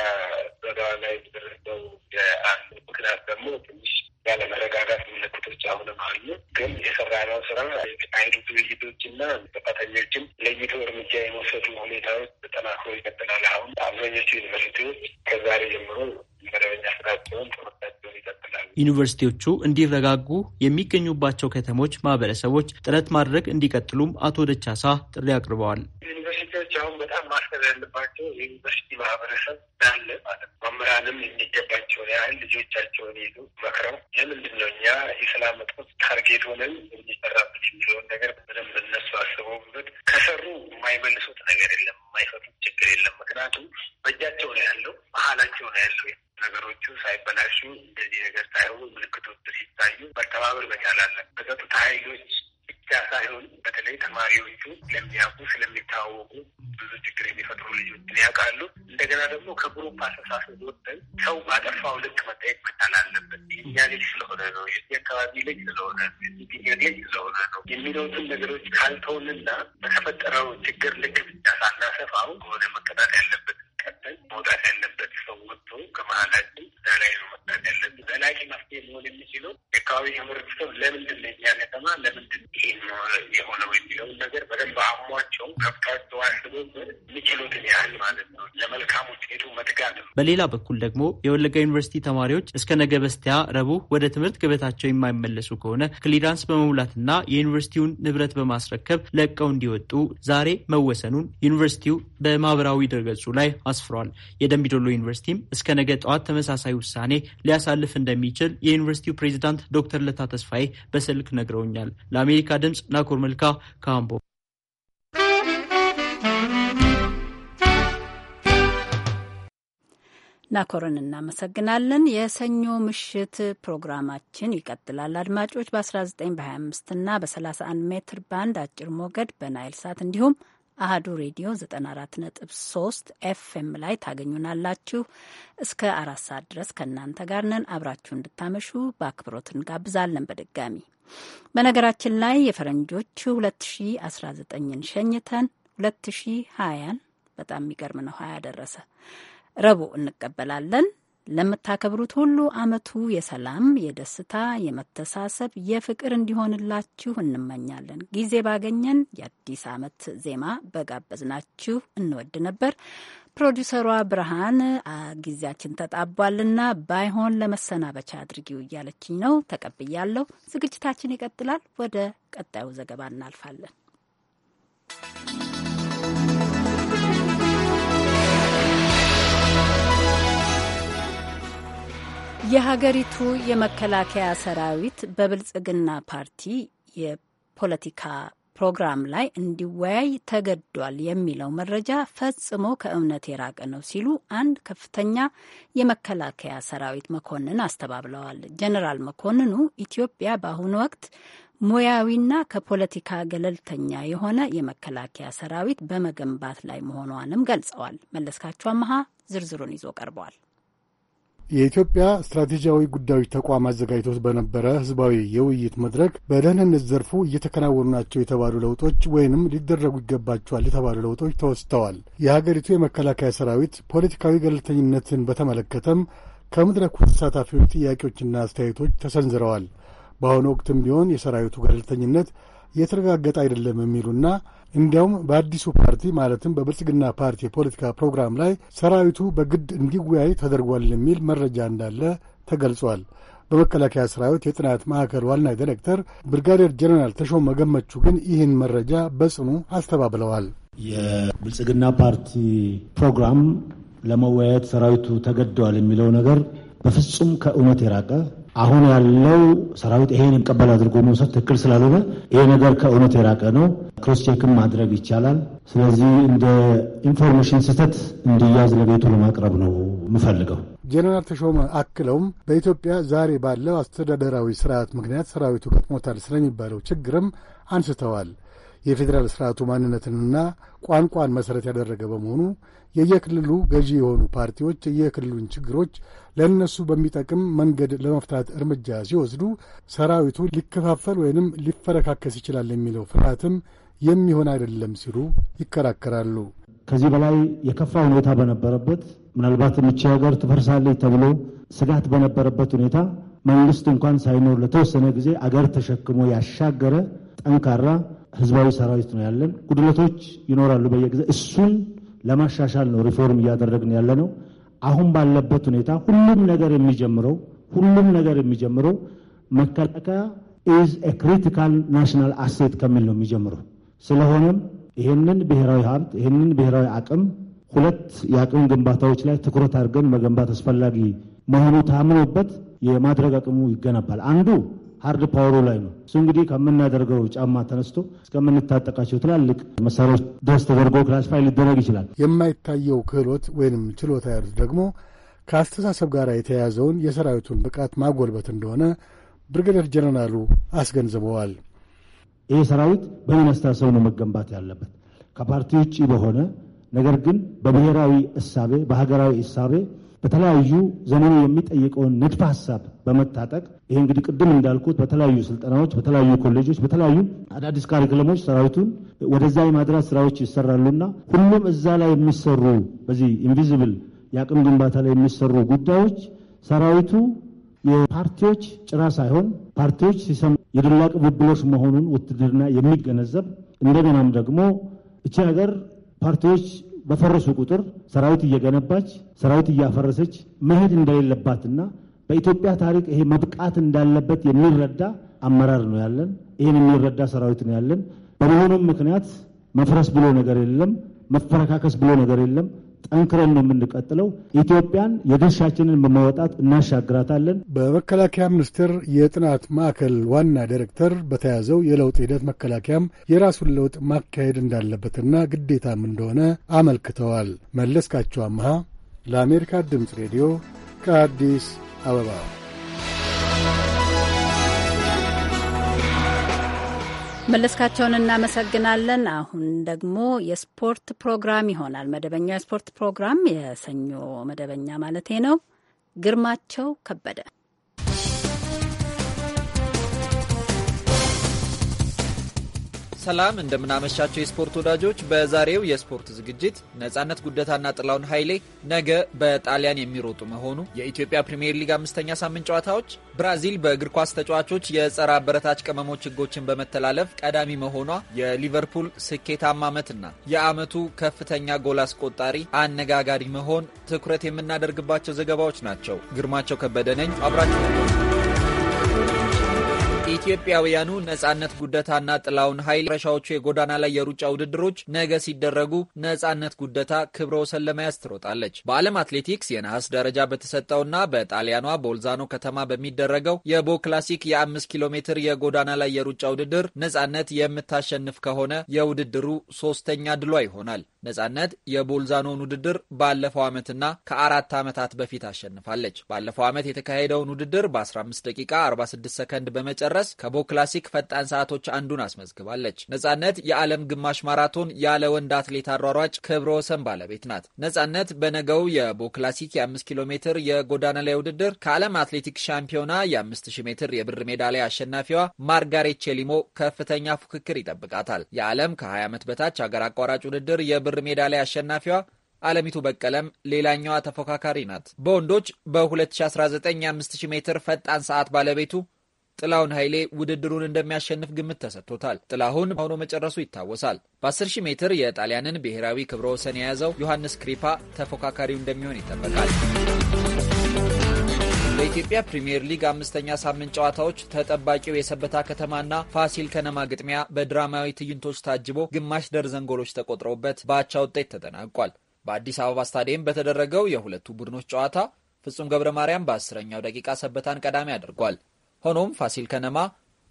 በጋዋ ላይ የተደረገው የአንድ ምክንያት ደግሞ ትንሽ ያለመረጋጋት ምልክቶች አሁንም አሉ። ግን የሰራነው ስራ የተካሄዱ ውይይቶች እና ጥፋተኞችም ለይቶ እርምጃ የመውሰዱ ሁኔታዎች ተጠናክሮ ይቀጥላል። አሁን አብዛኞቹ ዩኒቨርሲቲዎች ከዛሬ ጀምሮ መደበኛ ስራቸውን ትምህርታቸውን ይቀጥላሉ። ዩኒቨርሲቲዎቹ እንዲረጋጉ የሚገኙባቸው ከተሞች ማህበረሰቦች ጥረት ማድረግ እንዲቀጥሉም አቶ ደቻሳ ጥሪ አቅርበዋል። ዩኒቨርሲቲዎች አሁን በጣም መታሰብ ያለባቸው የዩኒቨርሲቲ ማህበረሰብ ዳለ ማለት ነው። መምህራንም የሚገባቸውን ያህል ልጆቻቸውን ይዞ መክረው ለምንድን ነው እኛ የሰላም እጦት ታርጌት ሆነን የሚሰራበት የሚለውን ነገር በደንብ እነሱ አስበውበት ከሰሩ የማይመልሱት ነገር የለም፣ የማይፈቱት ችግር የለም። ምክንያቱም በእጃቸው ነው ያለው፣ መሀላቸው ነው ያለው። ነገሮቹ ሳይበላሹ እንደዚህ ነገር ሳይሆኑ ምልክቶች ሲታዩ መተባበር መቻል አለን በጸጥታ ኃይሎች ብቻ ሳይሆን በተለይ ተማሪዎቹ ስለሚያውቁ ስለሚታወቁ ብዙ ችግር የሚፈጥሩ ልጆችን ያውቃሉ። እንደገና ደግሞ ከግሩፕ አስተሳሰብ ወጥተን ሰው ባጠፋው ልክ መጠየቅ መጣል አለበት። የኛ ልጅ ስለሆነ ነው፣ የዚህ አካባቢ ልጅ ስለሆነ ነው፣ የዚህ ልጅ ስለሆነ ነው የሚለውትን ነገሮች ካልተውንና በተፈጠረው ችግር ልክ ብቻ ሳናሰፋው ከሆነ መቀጣት ያለበት ሳይቀበል መውጣት ያለበት ሰው ወጥቶ ከመሀላችን እዛ ላይ ነው መውጣት ያለብን። ዘላቂ መፍትሄ ሊሆን የሚችለው የአካባቢ ህብረተሰብ ለምንድን ነው እኛ ከተማ ለምንድን ይሄ የሆነው የሚለውን ነገር በደንብ አሟቸው ከብታቸው አስቦበት የሚችሉትን ያህል ማለት ነው ለመልካም ውጤቱ መትጋት ነው። በሌላ በኩል ደግሞ የወለጋ ዩኒቨርሲቲ ተማሪዎች እስከ ነገ በስቲያ ረቡዕ ወደ ትምህርት ገበታቸው የማይመለሱ ከሆነ ክሊራንስ በመሙላትና የዩኒቨርሲቲውን ንብረት በማስረከብ ለቀው እንዲወጡ ዛሬ መወሰኑን ዩኒቨርሲቲው በማህበራዊ ድረገጹ ላይ አስፍሯል። የደምቢዶሎ ዩኒቨርሲቲም እስከ ነገ ጠዋት ተመሳሳይ ውሳኔ ሊያሳልፍ እንደሚችል የዩኒቨርሲቲው ፕሬዚዳንት ዶክተር ለታ ተስፋዬ በስልክ ነግረውኛል። ለአሜሪካ ድምፅ ናኮር መልካ ከአምቦ ናኮርን እናመሰግናለን። የሰኞ ምሽት ፕሮግራማችን ይቀጥላል። አድማጮች በ19 በ25 እና በ31 ሜትር ባንድ አጭር ሞገድ በናይል ሳት እንዲሁም አህዱ ሬዲዮ 94.3 ኤፍኤም ላይ ታገኙናላችሁ። እስከ አራት ሰዓት ድረስ ከእናንተ ጋር ነን። አብራችሁ እንድታመሹ በአክብሮት እንጋብዛለን። በድጋሚ በነገራችን ላይ የፈረንጆቹ 2019ን ሸኝተን 2020ን በጣም የሚገርም ነው፣ ሀያ ደረሰ። ረቡዕ እንቀበላለን። ለምታከብሩት ሁሉ አመቱ የሰላም፣ የደስታ፣ የመተሳሰብ፣ የፍቅር እንዲሆንላችሁ እንመኛለን። ጊዜ ባገኘን የአዲስ አመት ዜማ በጋበዝናችሁ እንወድ ነበር። ፕሮዲውሰሯ ብርሃን ጊዜያችን ተጣቧልና ባይሆን ለመሰናበቻ አድርጊው እያለችኝ ነው። ተቀብያለሁ። ዝግጅታችን ይቀጥላል። ወደ ቀጣዩ ዘገባ እናልፋለን። የሀገሪቱ የመከላከያ ሰራዊት በብልጽግና ፓርቲ የፖለቲካ ፕሮግራም ላይ እንዲወያይ ተገዷል የሚለው መረጃ ፈጽሞ ከእውነት የራቀ ነው ሲሉ አንድ ከፍተኛ የመከላከያ ሰራዊት መኮንን አስተባብለዋል። ጀነራል መኮንኑ ኢትዮጵያ በአሁኑ ወቅት ሙያዊና ከፖለቲካ ገለልተኛ የሆነ የመከላከያ ሰራዊት በመገንባት ላይ መሆኗንም ገልጸዋል። መለስካቸው አመሃ ዝርዝሩን ይዞ ቀርበዋል። የኢትዮጵያ ስትራቴጂያዊ ጉዳዮች ተቋም አዘጋጅቶት በነበረ ህዝባዊ የውይይት መድረክ በደህንነት ዘርፉ እየተከናወኑ ናቸው የተባሉ ለውጦች ወይንም ሊደረጉ ይገባቸዋል የተባሉ ለውጦች ተወስተዋል። የሀገሪቱ የመከላከያ ሰራዊት ፖለቲካዊ ገለልተኝነትን በተመለከተም ከመድረኩ ተሳታፊዎች ጥያቄዎችና አስተያየቶች ተሰንዝረዋል። በአሁኑ ወቅትም ቢሆን የሰራዊቱ ገለልተኝነት የተረጋገጠ አይደለም የሚሉና እንዲያውም በአዲሱ ፓርቲ ማለትም በብልጽግና ፓርቲ የፖለቲካ ፕሮግራም ላይ ሰራዊቱ በግድ እንዲወያይ ተደርጓል የሚል መረጃ እንዳለ ተገልጿል። በመከላከያ ሰራዊት የጥናት ማዕከል ዋና ዲሬክተር ብርጋዴር ጀኔራል ተሾመ ገመቹ ግን ይህን መረጃ በጽኑ አስተባብለዋል። የብልጽግና ፓርቲ ፕሮግራም ለመወያየት ሰራዊቱ ተገደዋል የሚለው ነገር በፍጹም ከእውነት የራቀ አሁን ያለው ሰራዊት ይሄን የሚቀበል አድርጎ መውሰድ ትክክል ስላልሆነ ይሄ ነገር ከእውነት የራቀ ነው። ክሮስቼክም ማድረግ ይቻላል። ስለዚህ እንደ ኢንፎርሜሽን ስህተት እንዲያዝ ለቤቱ ለማቅረብ ነው የምፈልገው። ጀነራል ተሾመ አክለውም በኢትዮጵያ ዛሬ ባለው አስተዳደራዊ ስርዓት ምክንያት ሰራዊቱ ገጥሞታል ስለሚባለው ችግርም አንስተዋል። የፌዴራል ስርዓቱ ማንነትንና ቋንቋን መሰረት ያደረገ በመሆኑ የየክልሉ ገዢ የሆኑ ፓርቲዎች የየክልሉን ችግሮች ለእነሱ በሚጠቅም መንገድ ለመፍታት እርምጃ ሲወስዱ ሰራዊቱ ሊከፋፈል ወይንም ሊፈረካከስ ይችላል የሚለው ፍርሃትም የሚሆን አይደለም ሲሉ ይከራከራሉ። ከዚህ በላይ የከፋ ሁኔታ በነበረበት ምናልባት ይቺ ሀገር ትፈርሳለች ተብሎ ስጋት በነበረበት ሁኔታ መንግስት እንኳን ሳይኖር ለተወሰነ ጊዜ አገር ተሸክሞ ያሻገረ ጠንካራ ህዝባዊ ሰራዊት ነው ያለን። ጉድለቶች ይኖራሉ በየጊዜ እሱን ለማሻሻል ነው ሪፎርም እያደረግን ያለ ነው። አሁን ባለበት ሁኔታ ሁሉም ነገር የሚጀምረው ሁሉም ነገር የሚጀምረው መከላከያ ኢዝ ክሪቲካል ናሽናል አሴት ከሚል ነው የሚጀምረው። ስለሆነም ይህንን ብሔራዊ ሀብት ይህንን ብሔራዊ አቅም ሁለት የአቅም ግንባታዎች ላይ ትኩረት አድርገን መገንባት አስፈላጊ መሆኑ ታምኖበት የማድረግ አቅሙ ይገነባል። አንዱ ሀርድ ፓወሩ ላይ ነው። እሱ እንግዲህ ከምናደርገው ጫማ ተነስቶ እስከምንታጠቃቸው ትላልቅ መሳሪያዎች ድረስ ተደርጎ ክላሲፋይ ሊደረግ ይችላል። የማይታየው ክህሎት ወይንም ችሎታ ያሉት ደግሞ ከአስተሳሰብ ጋር የተያያዘውን የሰራዊቱን ብቃት ማጎልበት እንደሆነ ብርጋዴር ጀነራሉ አስገንዝበዋል። ይህ ሰራዊት በምን አስተሳሰብ ነው መገንባት ያለበት? ከፓርቲ ውጭ በሆነ ነገር ግን በብሔራዊ እሳቤ፣ በሀገራዊ እሳቤ በተለያዩ ዘመኑ የሚጠይቀውን ንድፈ ሀሳብ በመታጠቅ ይሄ እንግዲህ ቅድም እንዳልኩት በተለያዩ ስልጠናዎች፣ በተለያዩ ኮሌጆች፣ በተለያዩ አዳዲስ ካሪክለሞች ሰራዊቱን ወደዛ የማድራት ስራዎች ይሰራሉና ሁሉም እዛ ላይ የሚሰሩ በዚህ ኢንቪዚብል የአቅም ግንባታ ላይ የሚሰሩ ጉዳዮች ሰራዊቱ የፓርቲዎች ጭራ ሳይሆን ፓርቲዎች ሲሰሙ የደላ ቅብብሎች መሆኑን ውትድርና የሚገነዘብ እንደገናም ደግሞ እቺ ሀገር ፓርቲዎች በፈረሱ ቁጥር ሰራዊት እየገነባች ሰራዊት እያፈረሰች መሄድ እንደሌለባትና በኢትዮጵያ ታሪክ ይሄ መብቃት እንዳለበት የሚረዳ አመራር ነው ያለን። ይህን የሚረዳ ሰራዊት ነው ያለን። በመሆኑም ምክንያት መፍረስ ብሎ ነገር የለም፣ መፈረካከስ ብሎ ነገር የለም። ጠንክረን ነው የምንቀጥለው። ኢትዮጵያን የድርሻችንን በመወጣት እናሻግራታለን። በመከላከያ ሚኒስቴር የጥናት ማዕከል ዋና ዳይሬክተር በተያዘው የለውጥ ሂደት መከላከያም የራሱን ለውጥ ማካሄድ እንዳለበትና ግዴታም እንደሆነ አመልክተዋል። መለስካቸው አምሃ ለአሜሪካ ድምፅ ሬዲዮ ከአዲስ አበባ መለስካቸውን እናመሰግናለን። አሁን ደግሞ የስፖርት ፕሮግራም ይሆናል። መደበኛው የስፖርት ፕሮግራም የሰኞ መደበኛ ማለቴ ነው። ግርማቸው ከበደ ሰላም እንደምናመሻቸው የስፖርት ወዳጆች። በዛሬው የስፖርት ዝግጅት ነጻነት ጉደታና ጥላውን ኃይሌ ነገ በጣሊያን የሚሮጡ መሆኑ፣ የኢትዮጵያ ፕሪምየር ሊግ አምስተኛ ሳምንት ጨዋታዎች፣ ብራዚል በእግር ኳስ ተጫዋቾች የጸረ አበረታች ቅመሞች ህጎችን በመተላለፍ ቀዳሚ መሆኗ፣ የሊቨርፑል ስኬታማ ዓመትና የአመቱ ከፍተኛ ጎል አስቆጣሪ አነጋጋሪ መሆን ትኩረት የምናደርግባቸው ዘገባዎች ናቸው። ግርማቸው ከበደ ነኝ። አብራችሁ የኢትዮጵያውያኑ ነጻነት ጉደታና ጥላውን ኃይል ረሻዎቹ የጎዳና ላይ የሩጫ ውድድሮች ነገ ሲደረጉ ነጻነት ጉደታ ክብረ ወሰን ለመያዝ ትሮጣለች። በዓለም አትሌቲክስ የነሐስ ደረጃ በተሰጠውና በጣሊያኗ ቦልዛኖ ከተማ በሚደረገው የቦ ክላሲክ የ5 ኪሎ ሜትር የጎዳና ላይ የሩጫ ውድድር ነጻነት የምታሸንፍ ከሆነ የውድድሩ ሶስተኛ ድሏ ይሆናል። ነጻነት የቦልዛኖን ውድድር ባለፈው ዓመትና ከአራት ዓመታት በፊት አሸንፋለች። ባለፈው ዓመት የተካሄደውን ውድድር በ15 ደቂቃ 46 ሰከንድ በመጨረስ በመድረስ ከቦ ክላሲክ ፈጣን ሰዓቶች አንዱን አስመዝግባለች። ነጻነት የዓለም ግማሽ ማራቶን ያለ ወንድ አትሌት አሯሯጭ ክብረ ወሰን ባለቤት ናት። ነጻነት በነገው የቦ ክላሲክ የ5 ኪሎ ሜትር የጎዳና ላይ ውድድር ከዓለም አትሌቲክስ ሻምፒዮና የ5000 ሜትር የብር ሜዳሊያ አሸናፊዋ ማርጋሬት ቼሊሞ ከፍተኛ ፉክክር ይጠብቃታል። የዓለም ከ20 ዓመት በታች አገር አቋራጭ ውድድር የብር ሜዳሊያ አሸናፊዋ አለሚቱ በቀለም ሌላኛዋ ተፎካካሪ ናት። በወንዶች በ2019 5000 ሜትር ፈጣን ሰዓት ባለቤቱ ጥላሁን ኃይሌ ውድድሩን እንደሚያሸንፍ ግምት ተሰጥቶታል። ጥላሁን ሆኖ መጨረሱ ይታወሳል። በ10 ሺህ ሜትር የጣሊያንን ብሔራዊ ክብረ ወሰን የያዘው ዮሐንስ ክሪፓ ተፎካካሪው እንደሚሆን ይጠበቃል። በኢትዮጵያ ፕሪምየር ሊግ አምስተኛ ሳምንት ጨዋታዎች ተጠባቂው የሰበታ ከተማና ፋሲል ከነማ ግጥሚያ በድራማዊ ትዕይንቶች ታጅቦ ግማሽ ደርዘን ጎሎች ተቆጥረውበት በአቻ ውጤት ተጠናቋል። በአዲስ አበባ ስታዲየም በተደረገው የሁለቱ ቡድኖች ጨዋታ ፍጹም ገብረ ማርያም በአስረኛው ደቂቃ ሰበታን ቀዳሚ አድርጓል። ሆኖም ፋሲል ከነማ፣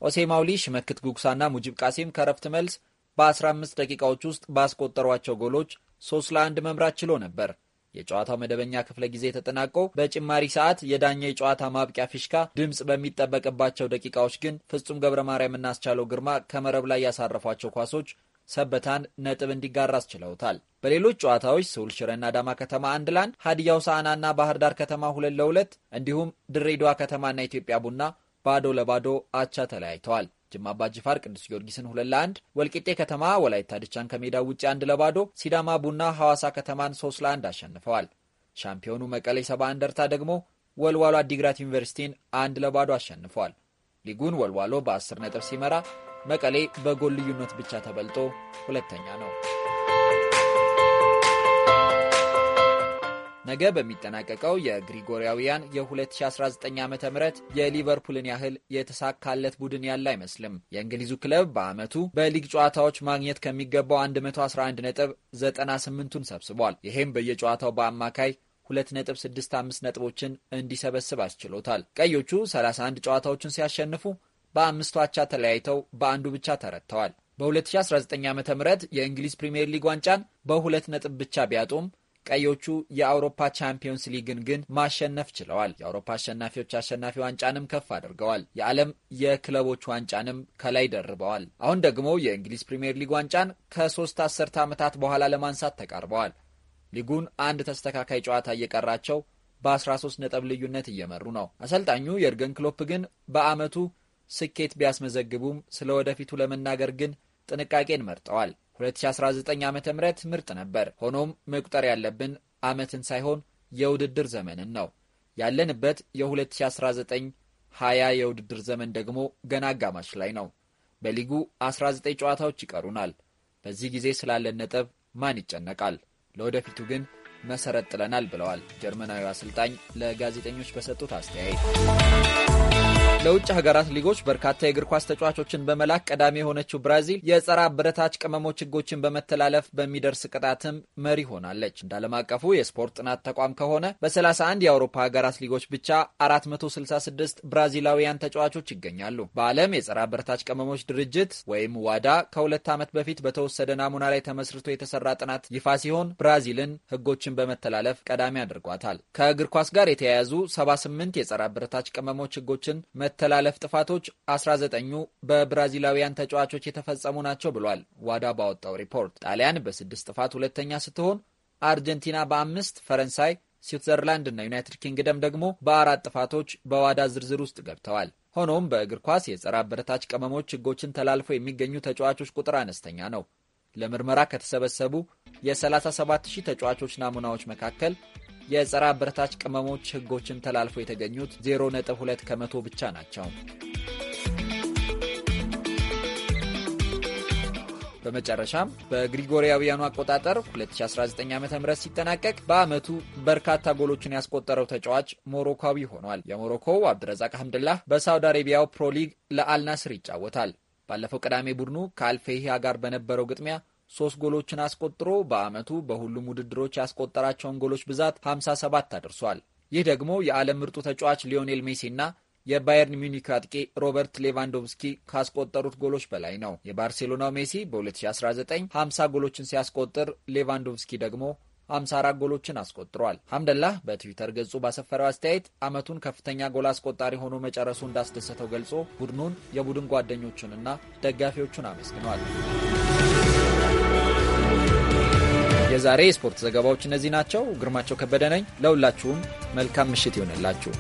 ኦሴ ማውሊ ሽመክት ጉግሳና ሙጂብ ቃሲም ከረፍት መልስ በ15 ደቂቃዎች ውስጥ ባስቆጠሯቸው ጎሎች 3 ለ1 መምራት ችሎ ነበር። የጨዋታው መደበኛ ክፍለ ጊዜ ተጠናቆ በጭማሪ ሰዓት የዳኛ የጨዋታ ማብቂያ ፊሽካ ድምፅ በሚጠበቅባቸው ደቂቃዎች ግን ፍጹም ገብረ ማርያምና አስቻለው ግርማ ከመረብ ላይ ያሳረፏቸው ኳሶች ሰበታን ነጥብ እንዲጋራ አስችለውታል። በሌሎች ጨዋታዎች ስውል ሽረና አዳማ ከተማ አንድ ለአንድ፣ ሀዲያ ሆሳዕናና ባህር ዳር ከተማ ሁለት ለሁለት እንዲሁም ድሬዳዋ ከተማና ኢትዮጵያ ቡና ባዶ ለባዶ አቻ ተለያይተዋል። ጅማ አባ ጅፋር ቅዱስ ጊዮርጊስን ሁለት ለአንድ፣ ወልቂጤ ከተማ ወላይታ ድቻን ከሜዳ ውጭ አንድ ለባዶ፣ ሲዳማ ቡና ሐዋሳ ከተማን ሶስት ለአንድ አሸንፈዋል። ሻምፒዮኑ መቀሌ ሰባ እንደርታ ደግሞ ወልዋሎ አዲግራት ዩኒቨርሲቲን አንድ ለባዶ አሸንፏል። ሊጉን ወልዋሎ በ10 ነጥብ ሲመራ መቀሌ በጎል ልዩነት ብቻ ተበልጦ ሁለተኛ ነው። ነገ በሚጠናቀቀው የግሪጎሪያውያን የ2019 ዓ ም የሊቨርፑልን ያህል የተሳካለት ቡድን ያለ አይመስልም። የእንግሊዙ ክለብ በዓመቱ በሊግ ጨዋታዎች ማግኘት ከሚገባው 111 ነጥብ 98ቱን ሰብስቧል። ይህም በየጨዋታው በአማካይ 2.65 ነጥቦችን እንዲሰበስብ አስችሎታል። ቀዮቹ 31 ጨዋታዎችን ሲያሸንፉ በአምስቱ አቻ ተለያይተው በአንዱ ብቻ ተረትተዋል። በ2019 ዓ ም የእንግሊዝ ፕሪምየር ሊግ ዋንጫን በሁለት ነጥብ ብቻ ቢያጡም ቀዮቹ የአውሮፓ ቻምፒዮንስ ሊግን ግን ማሸነፍ ችለዋል። የአውሮፓ አሸናፊዎች አሸናፊ ዋንጫንም ከፍ አድርገዋል። የዓለም የክለቦች ዋንጫንም ከላይ ደርበዋል። አሁን ደግሞ የእንግሊዝ ፕሪምየር ሊግ ዋንጫን ከሶስት አስርተ ዓመታት በኋላ ለማንሳት ተቃርበዋል። ሊጉን አንድ ተስተካካይ ጨዋታ እየቀራቸው በ13 ነጥብ ልዩነት እየመሩ ነው። አሰልጣኙ የእርገን ክሎፕ ግን በአመቱ ስኬት ቢያስመዘግቡም ስለ ወደፊቱ ለመናገር ግን ጥንቃቄን መርጠዋል። 2019 ዓ ም ምርጥ ነበር። ሆኖም መቁጠር ያለብን ዓመትን ሳይሆን የውድድር ዘመንን ነው። ያለንበት የ2019 20 የውድድር ዘመን ደግሞ ገና አጋማሽ ላይ ነው። በሊጉ 19 ጨዋታዎች ይቀሩናል። በዚህ ጊዜ ስላለን ነጥብ ማን ይጨነቃል? ለወደፊቱ ግን መሰረት ጥለናል ብለዋል ጀርመናዊ አሰልጣኝ ለጋዜጠኞች በሰጡት አስተያየት። ለውጭ ሀገራት ሊጎች በርካታ የእግር ኳስ ተጫዋቾችን በመላክ ቀዳሚ የሆነችው ብራዚል የጸረ አበረታች ቅመሞች ሕጎችን በመተላለፍ በሚደርስ ቅጣትም መሪ ሆናለች። እንደ ዓለም አቀፉ የስፖርት ጥናት ተቋም ከሆነ በ31 የአውሮፓ ሀገራት ሊጎች ብቻ 466 ብራዚላውያን ተጫዋቾች ይገኛሉ። በዓለም የጸረ አበረታች ቅመሞች ድርጅት ወይም ዋዳ ከሁለት ዓመት በፊት በተወሰደ ናሙና ላይ ተመስርቶ የተሰራ ጥናት ይፋ ሲሆን ብራዚልን ህጎችን በመተላለፍ ቀዳሚ አድርጓታል። ከእግር ኳስ ጋር የተያያዙ 78 የጸረ አበረታች ቅመሞች ሕጎችን መ የመተላለፍ ጥፋቶች 19ኙ በብራዚላውያን ተጫዋቾች የተፈጸሙ ናቸው ብሏል ዋዳ ባወጣው ሪፖርት። ጣሊያን በስድስት ጥፋት ሁለተኛ ስትሆን አርጀንቲና በአምስት ፈረንሳይ፣ ስዊትዘርላንድ እና ዩናይትድ ኪንግደም ደግሞ በአራት ጥፋቶች በዋዳ ዝርዝር ውስጥ ገብተዋል። ሆኖም በእግር ኳስ የጸረ አበረታች ቅመሞች ሕጎችን ተላልፈው የሚገኙ ተጫዋቾች ቁጥር አነስተኛ ነው። ለምርመራ ከተሰበሰቡ የ37 ሺህ ተጫዋቾች ናሙናዎች መካከል የጸረ አበረታች ቅመሞች ሕጎችን ተላልፈው የተገኙት 0.2 ከመቶ ብቻ ናቸው። በመጨረሻም በግሪጎሪያውያኑ አቆጣጠር 2019 ዓ ም ሲጠናቀቅ በአመቱ በርካታ ጎሎችን ያስቆጠረው ተጫዋች ሞሮካዊ ሆኗል። የሞሮኮው አብድረዛቅ ሐምድላህ በሳውዲ አረቢያው ፕሮሊግ ለአልናስር ይጫወታል። ባለፈው ቅዳሜ ቡድኑ ከአልፌሂያ ጋር በነበረው ግጥሚያ ሶስት ጎሎችን አስቆጥሮ በዓመቱ በሁሉም ውድድሮች ያስቆጠራቸውን ጎሎች ብዛት 57 አድርሷል። ይህ ደግሞ የዓለም ምርጡ ተጫዋች ሊዮኔል ሜሲና የባየርን ሚኒክ አጥቂ ሮበርት ሌቫንዶቭስኪ ካስቆጠሩት ጎሎች በላይ ነው። የባርሴሎናው ሜሲ በ2019 50 ጎሎችን ሲያስቆጥር ሌቫንዶቭስኪ ደግሞ 54 ጎሎችን አስቆጥሯል። ሐምደላህ በትዊተር ገጹ ባሰፈረው አስተያየት ዓመቱን ከፍተኛ ጎል አስቆጣሪ ሆኖ መጨረሱ እንዳስደሰተው ገልጾ ቡድኑን፣ የቡድን ጓደኞቹንና ደጋፊዎቹን አመስግኗል። የዛሬ የስፖርት ዘገባዎች እነዚህ ናቸው። ግርማቸው ከበደ ነኝ። ለሁላችሁም መልካም ምሽት ይሆንላችሁ።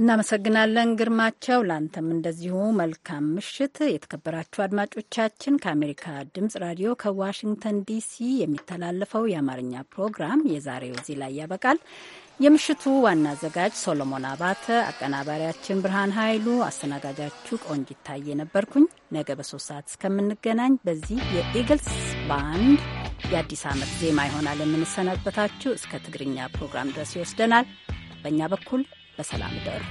እናመሰግናለን ግርማቸው፣ ላንተም እንደዚሁ መልካም ምሽት። የተከበራችሁ አድማጮቻችን ከአሜሪካ ድምጽ ራዲዮ ከዋሽንግተን ዲሲ የሚተላለፈው የአማርኛ ፕሮግራም የዛሬው እዚህ ላይ ያበቃል። የምሽቱ ዋና አዘጋጅ ሶሎሞን አባተ፣ አቀናባሪያችን ብርሃን ኃይሉ፣ አስተናጋጃችሁ ቆንጅ ይታየ ነበርኩኝ። ነገ በሶስት ሰዓት እስከምንገናኝ በዚህ የኢግልስ ባንድ የአዲስ ዓመት ዜማ ይሆናል የምንሰናበታችሁ። እስከ ትግርኛ ፕሮግራም ድረስ ይወስደናል። በእኛ በኩል በሰላም ደሩ።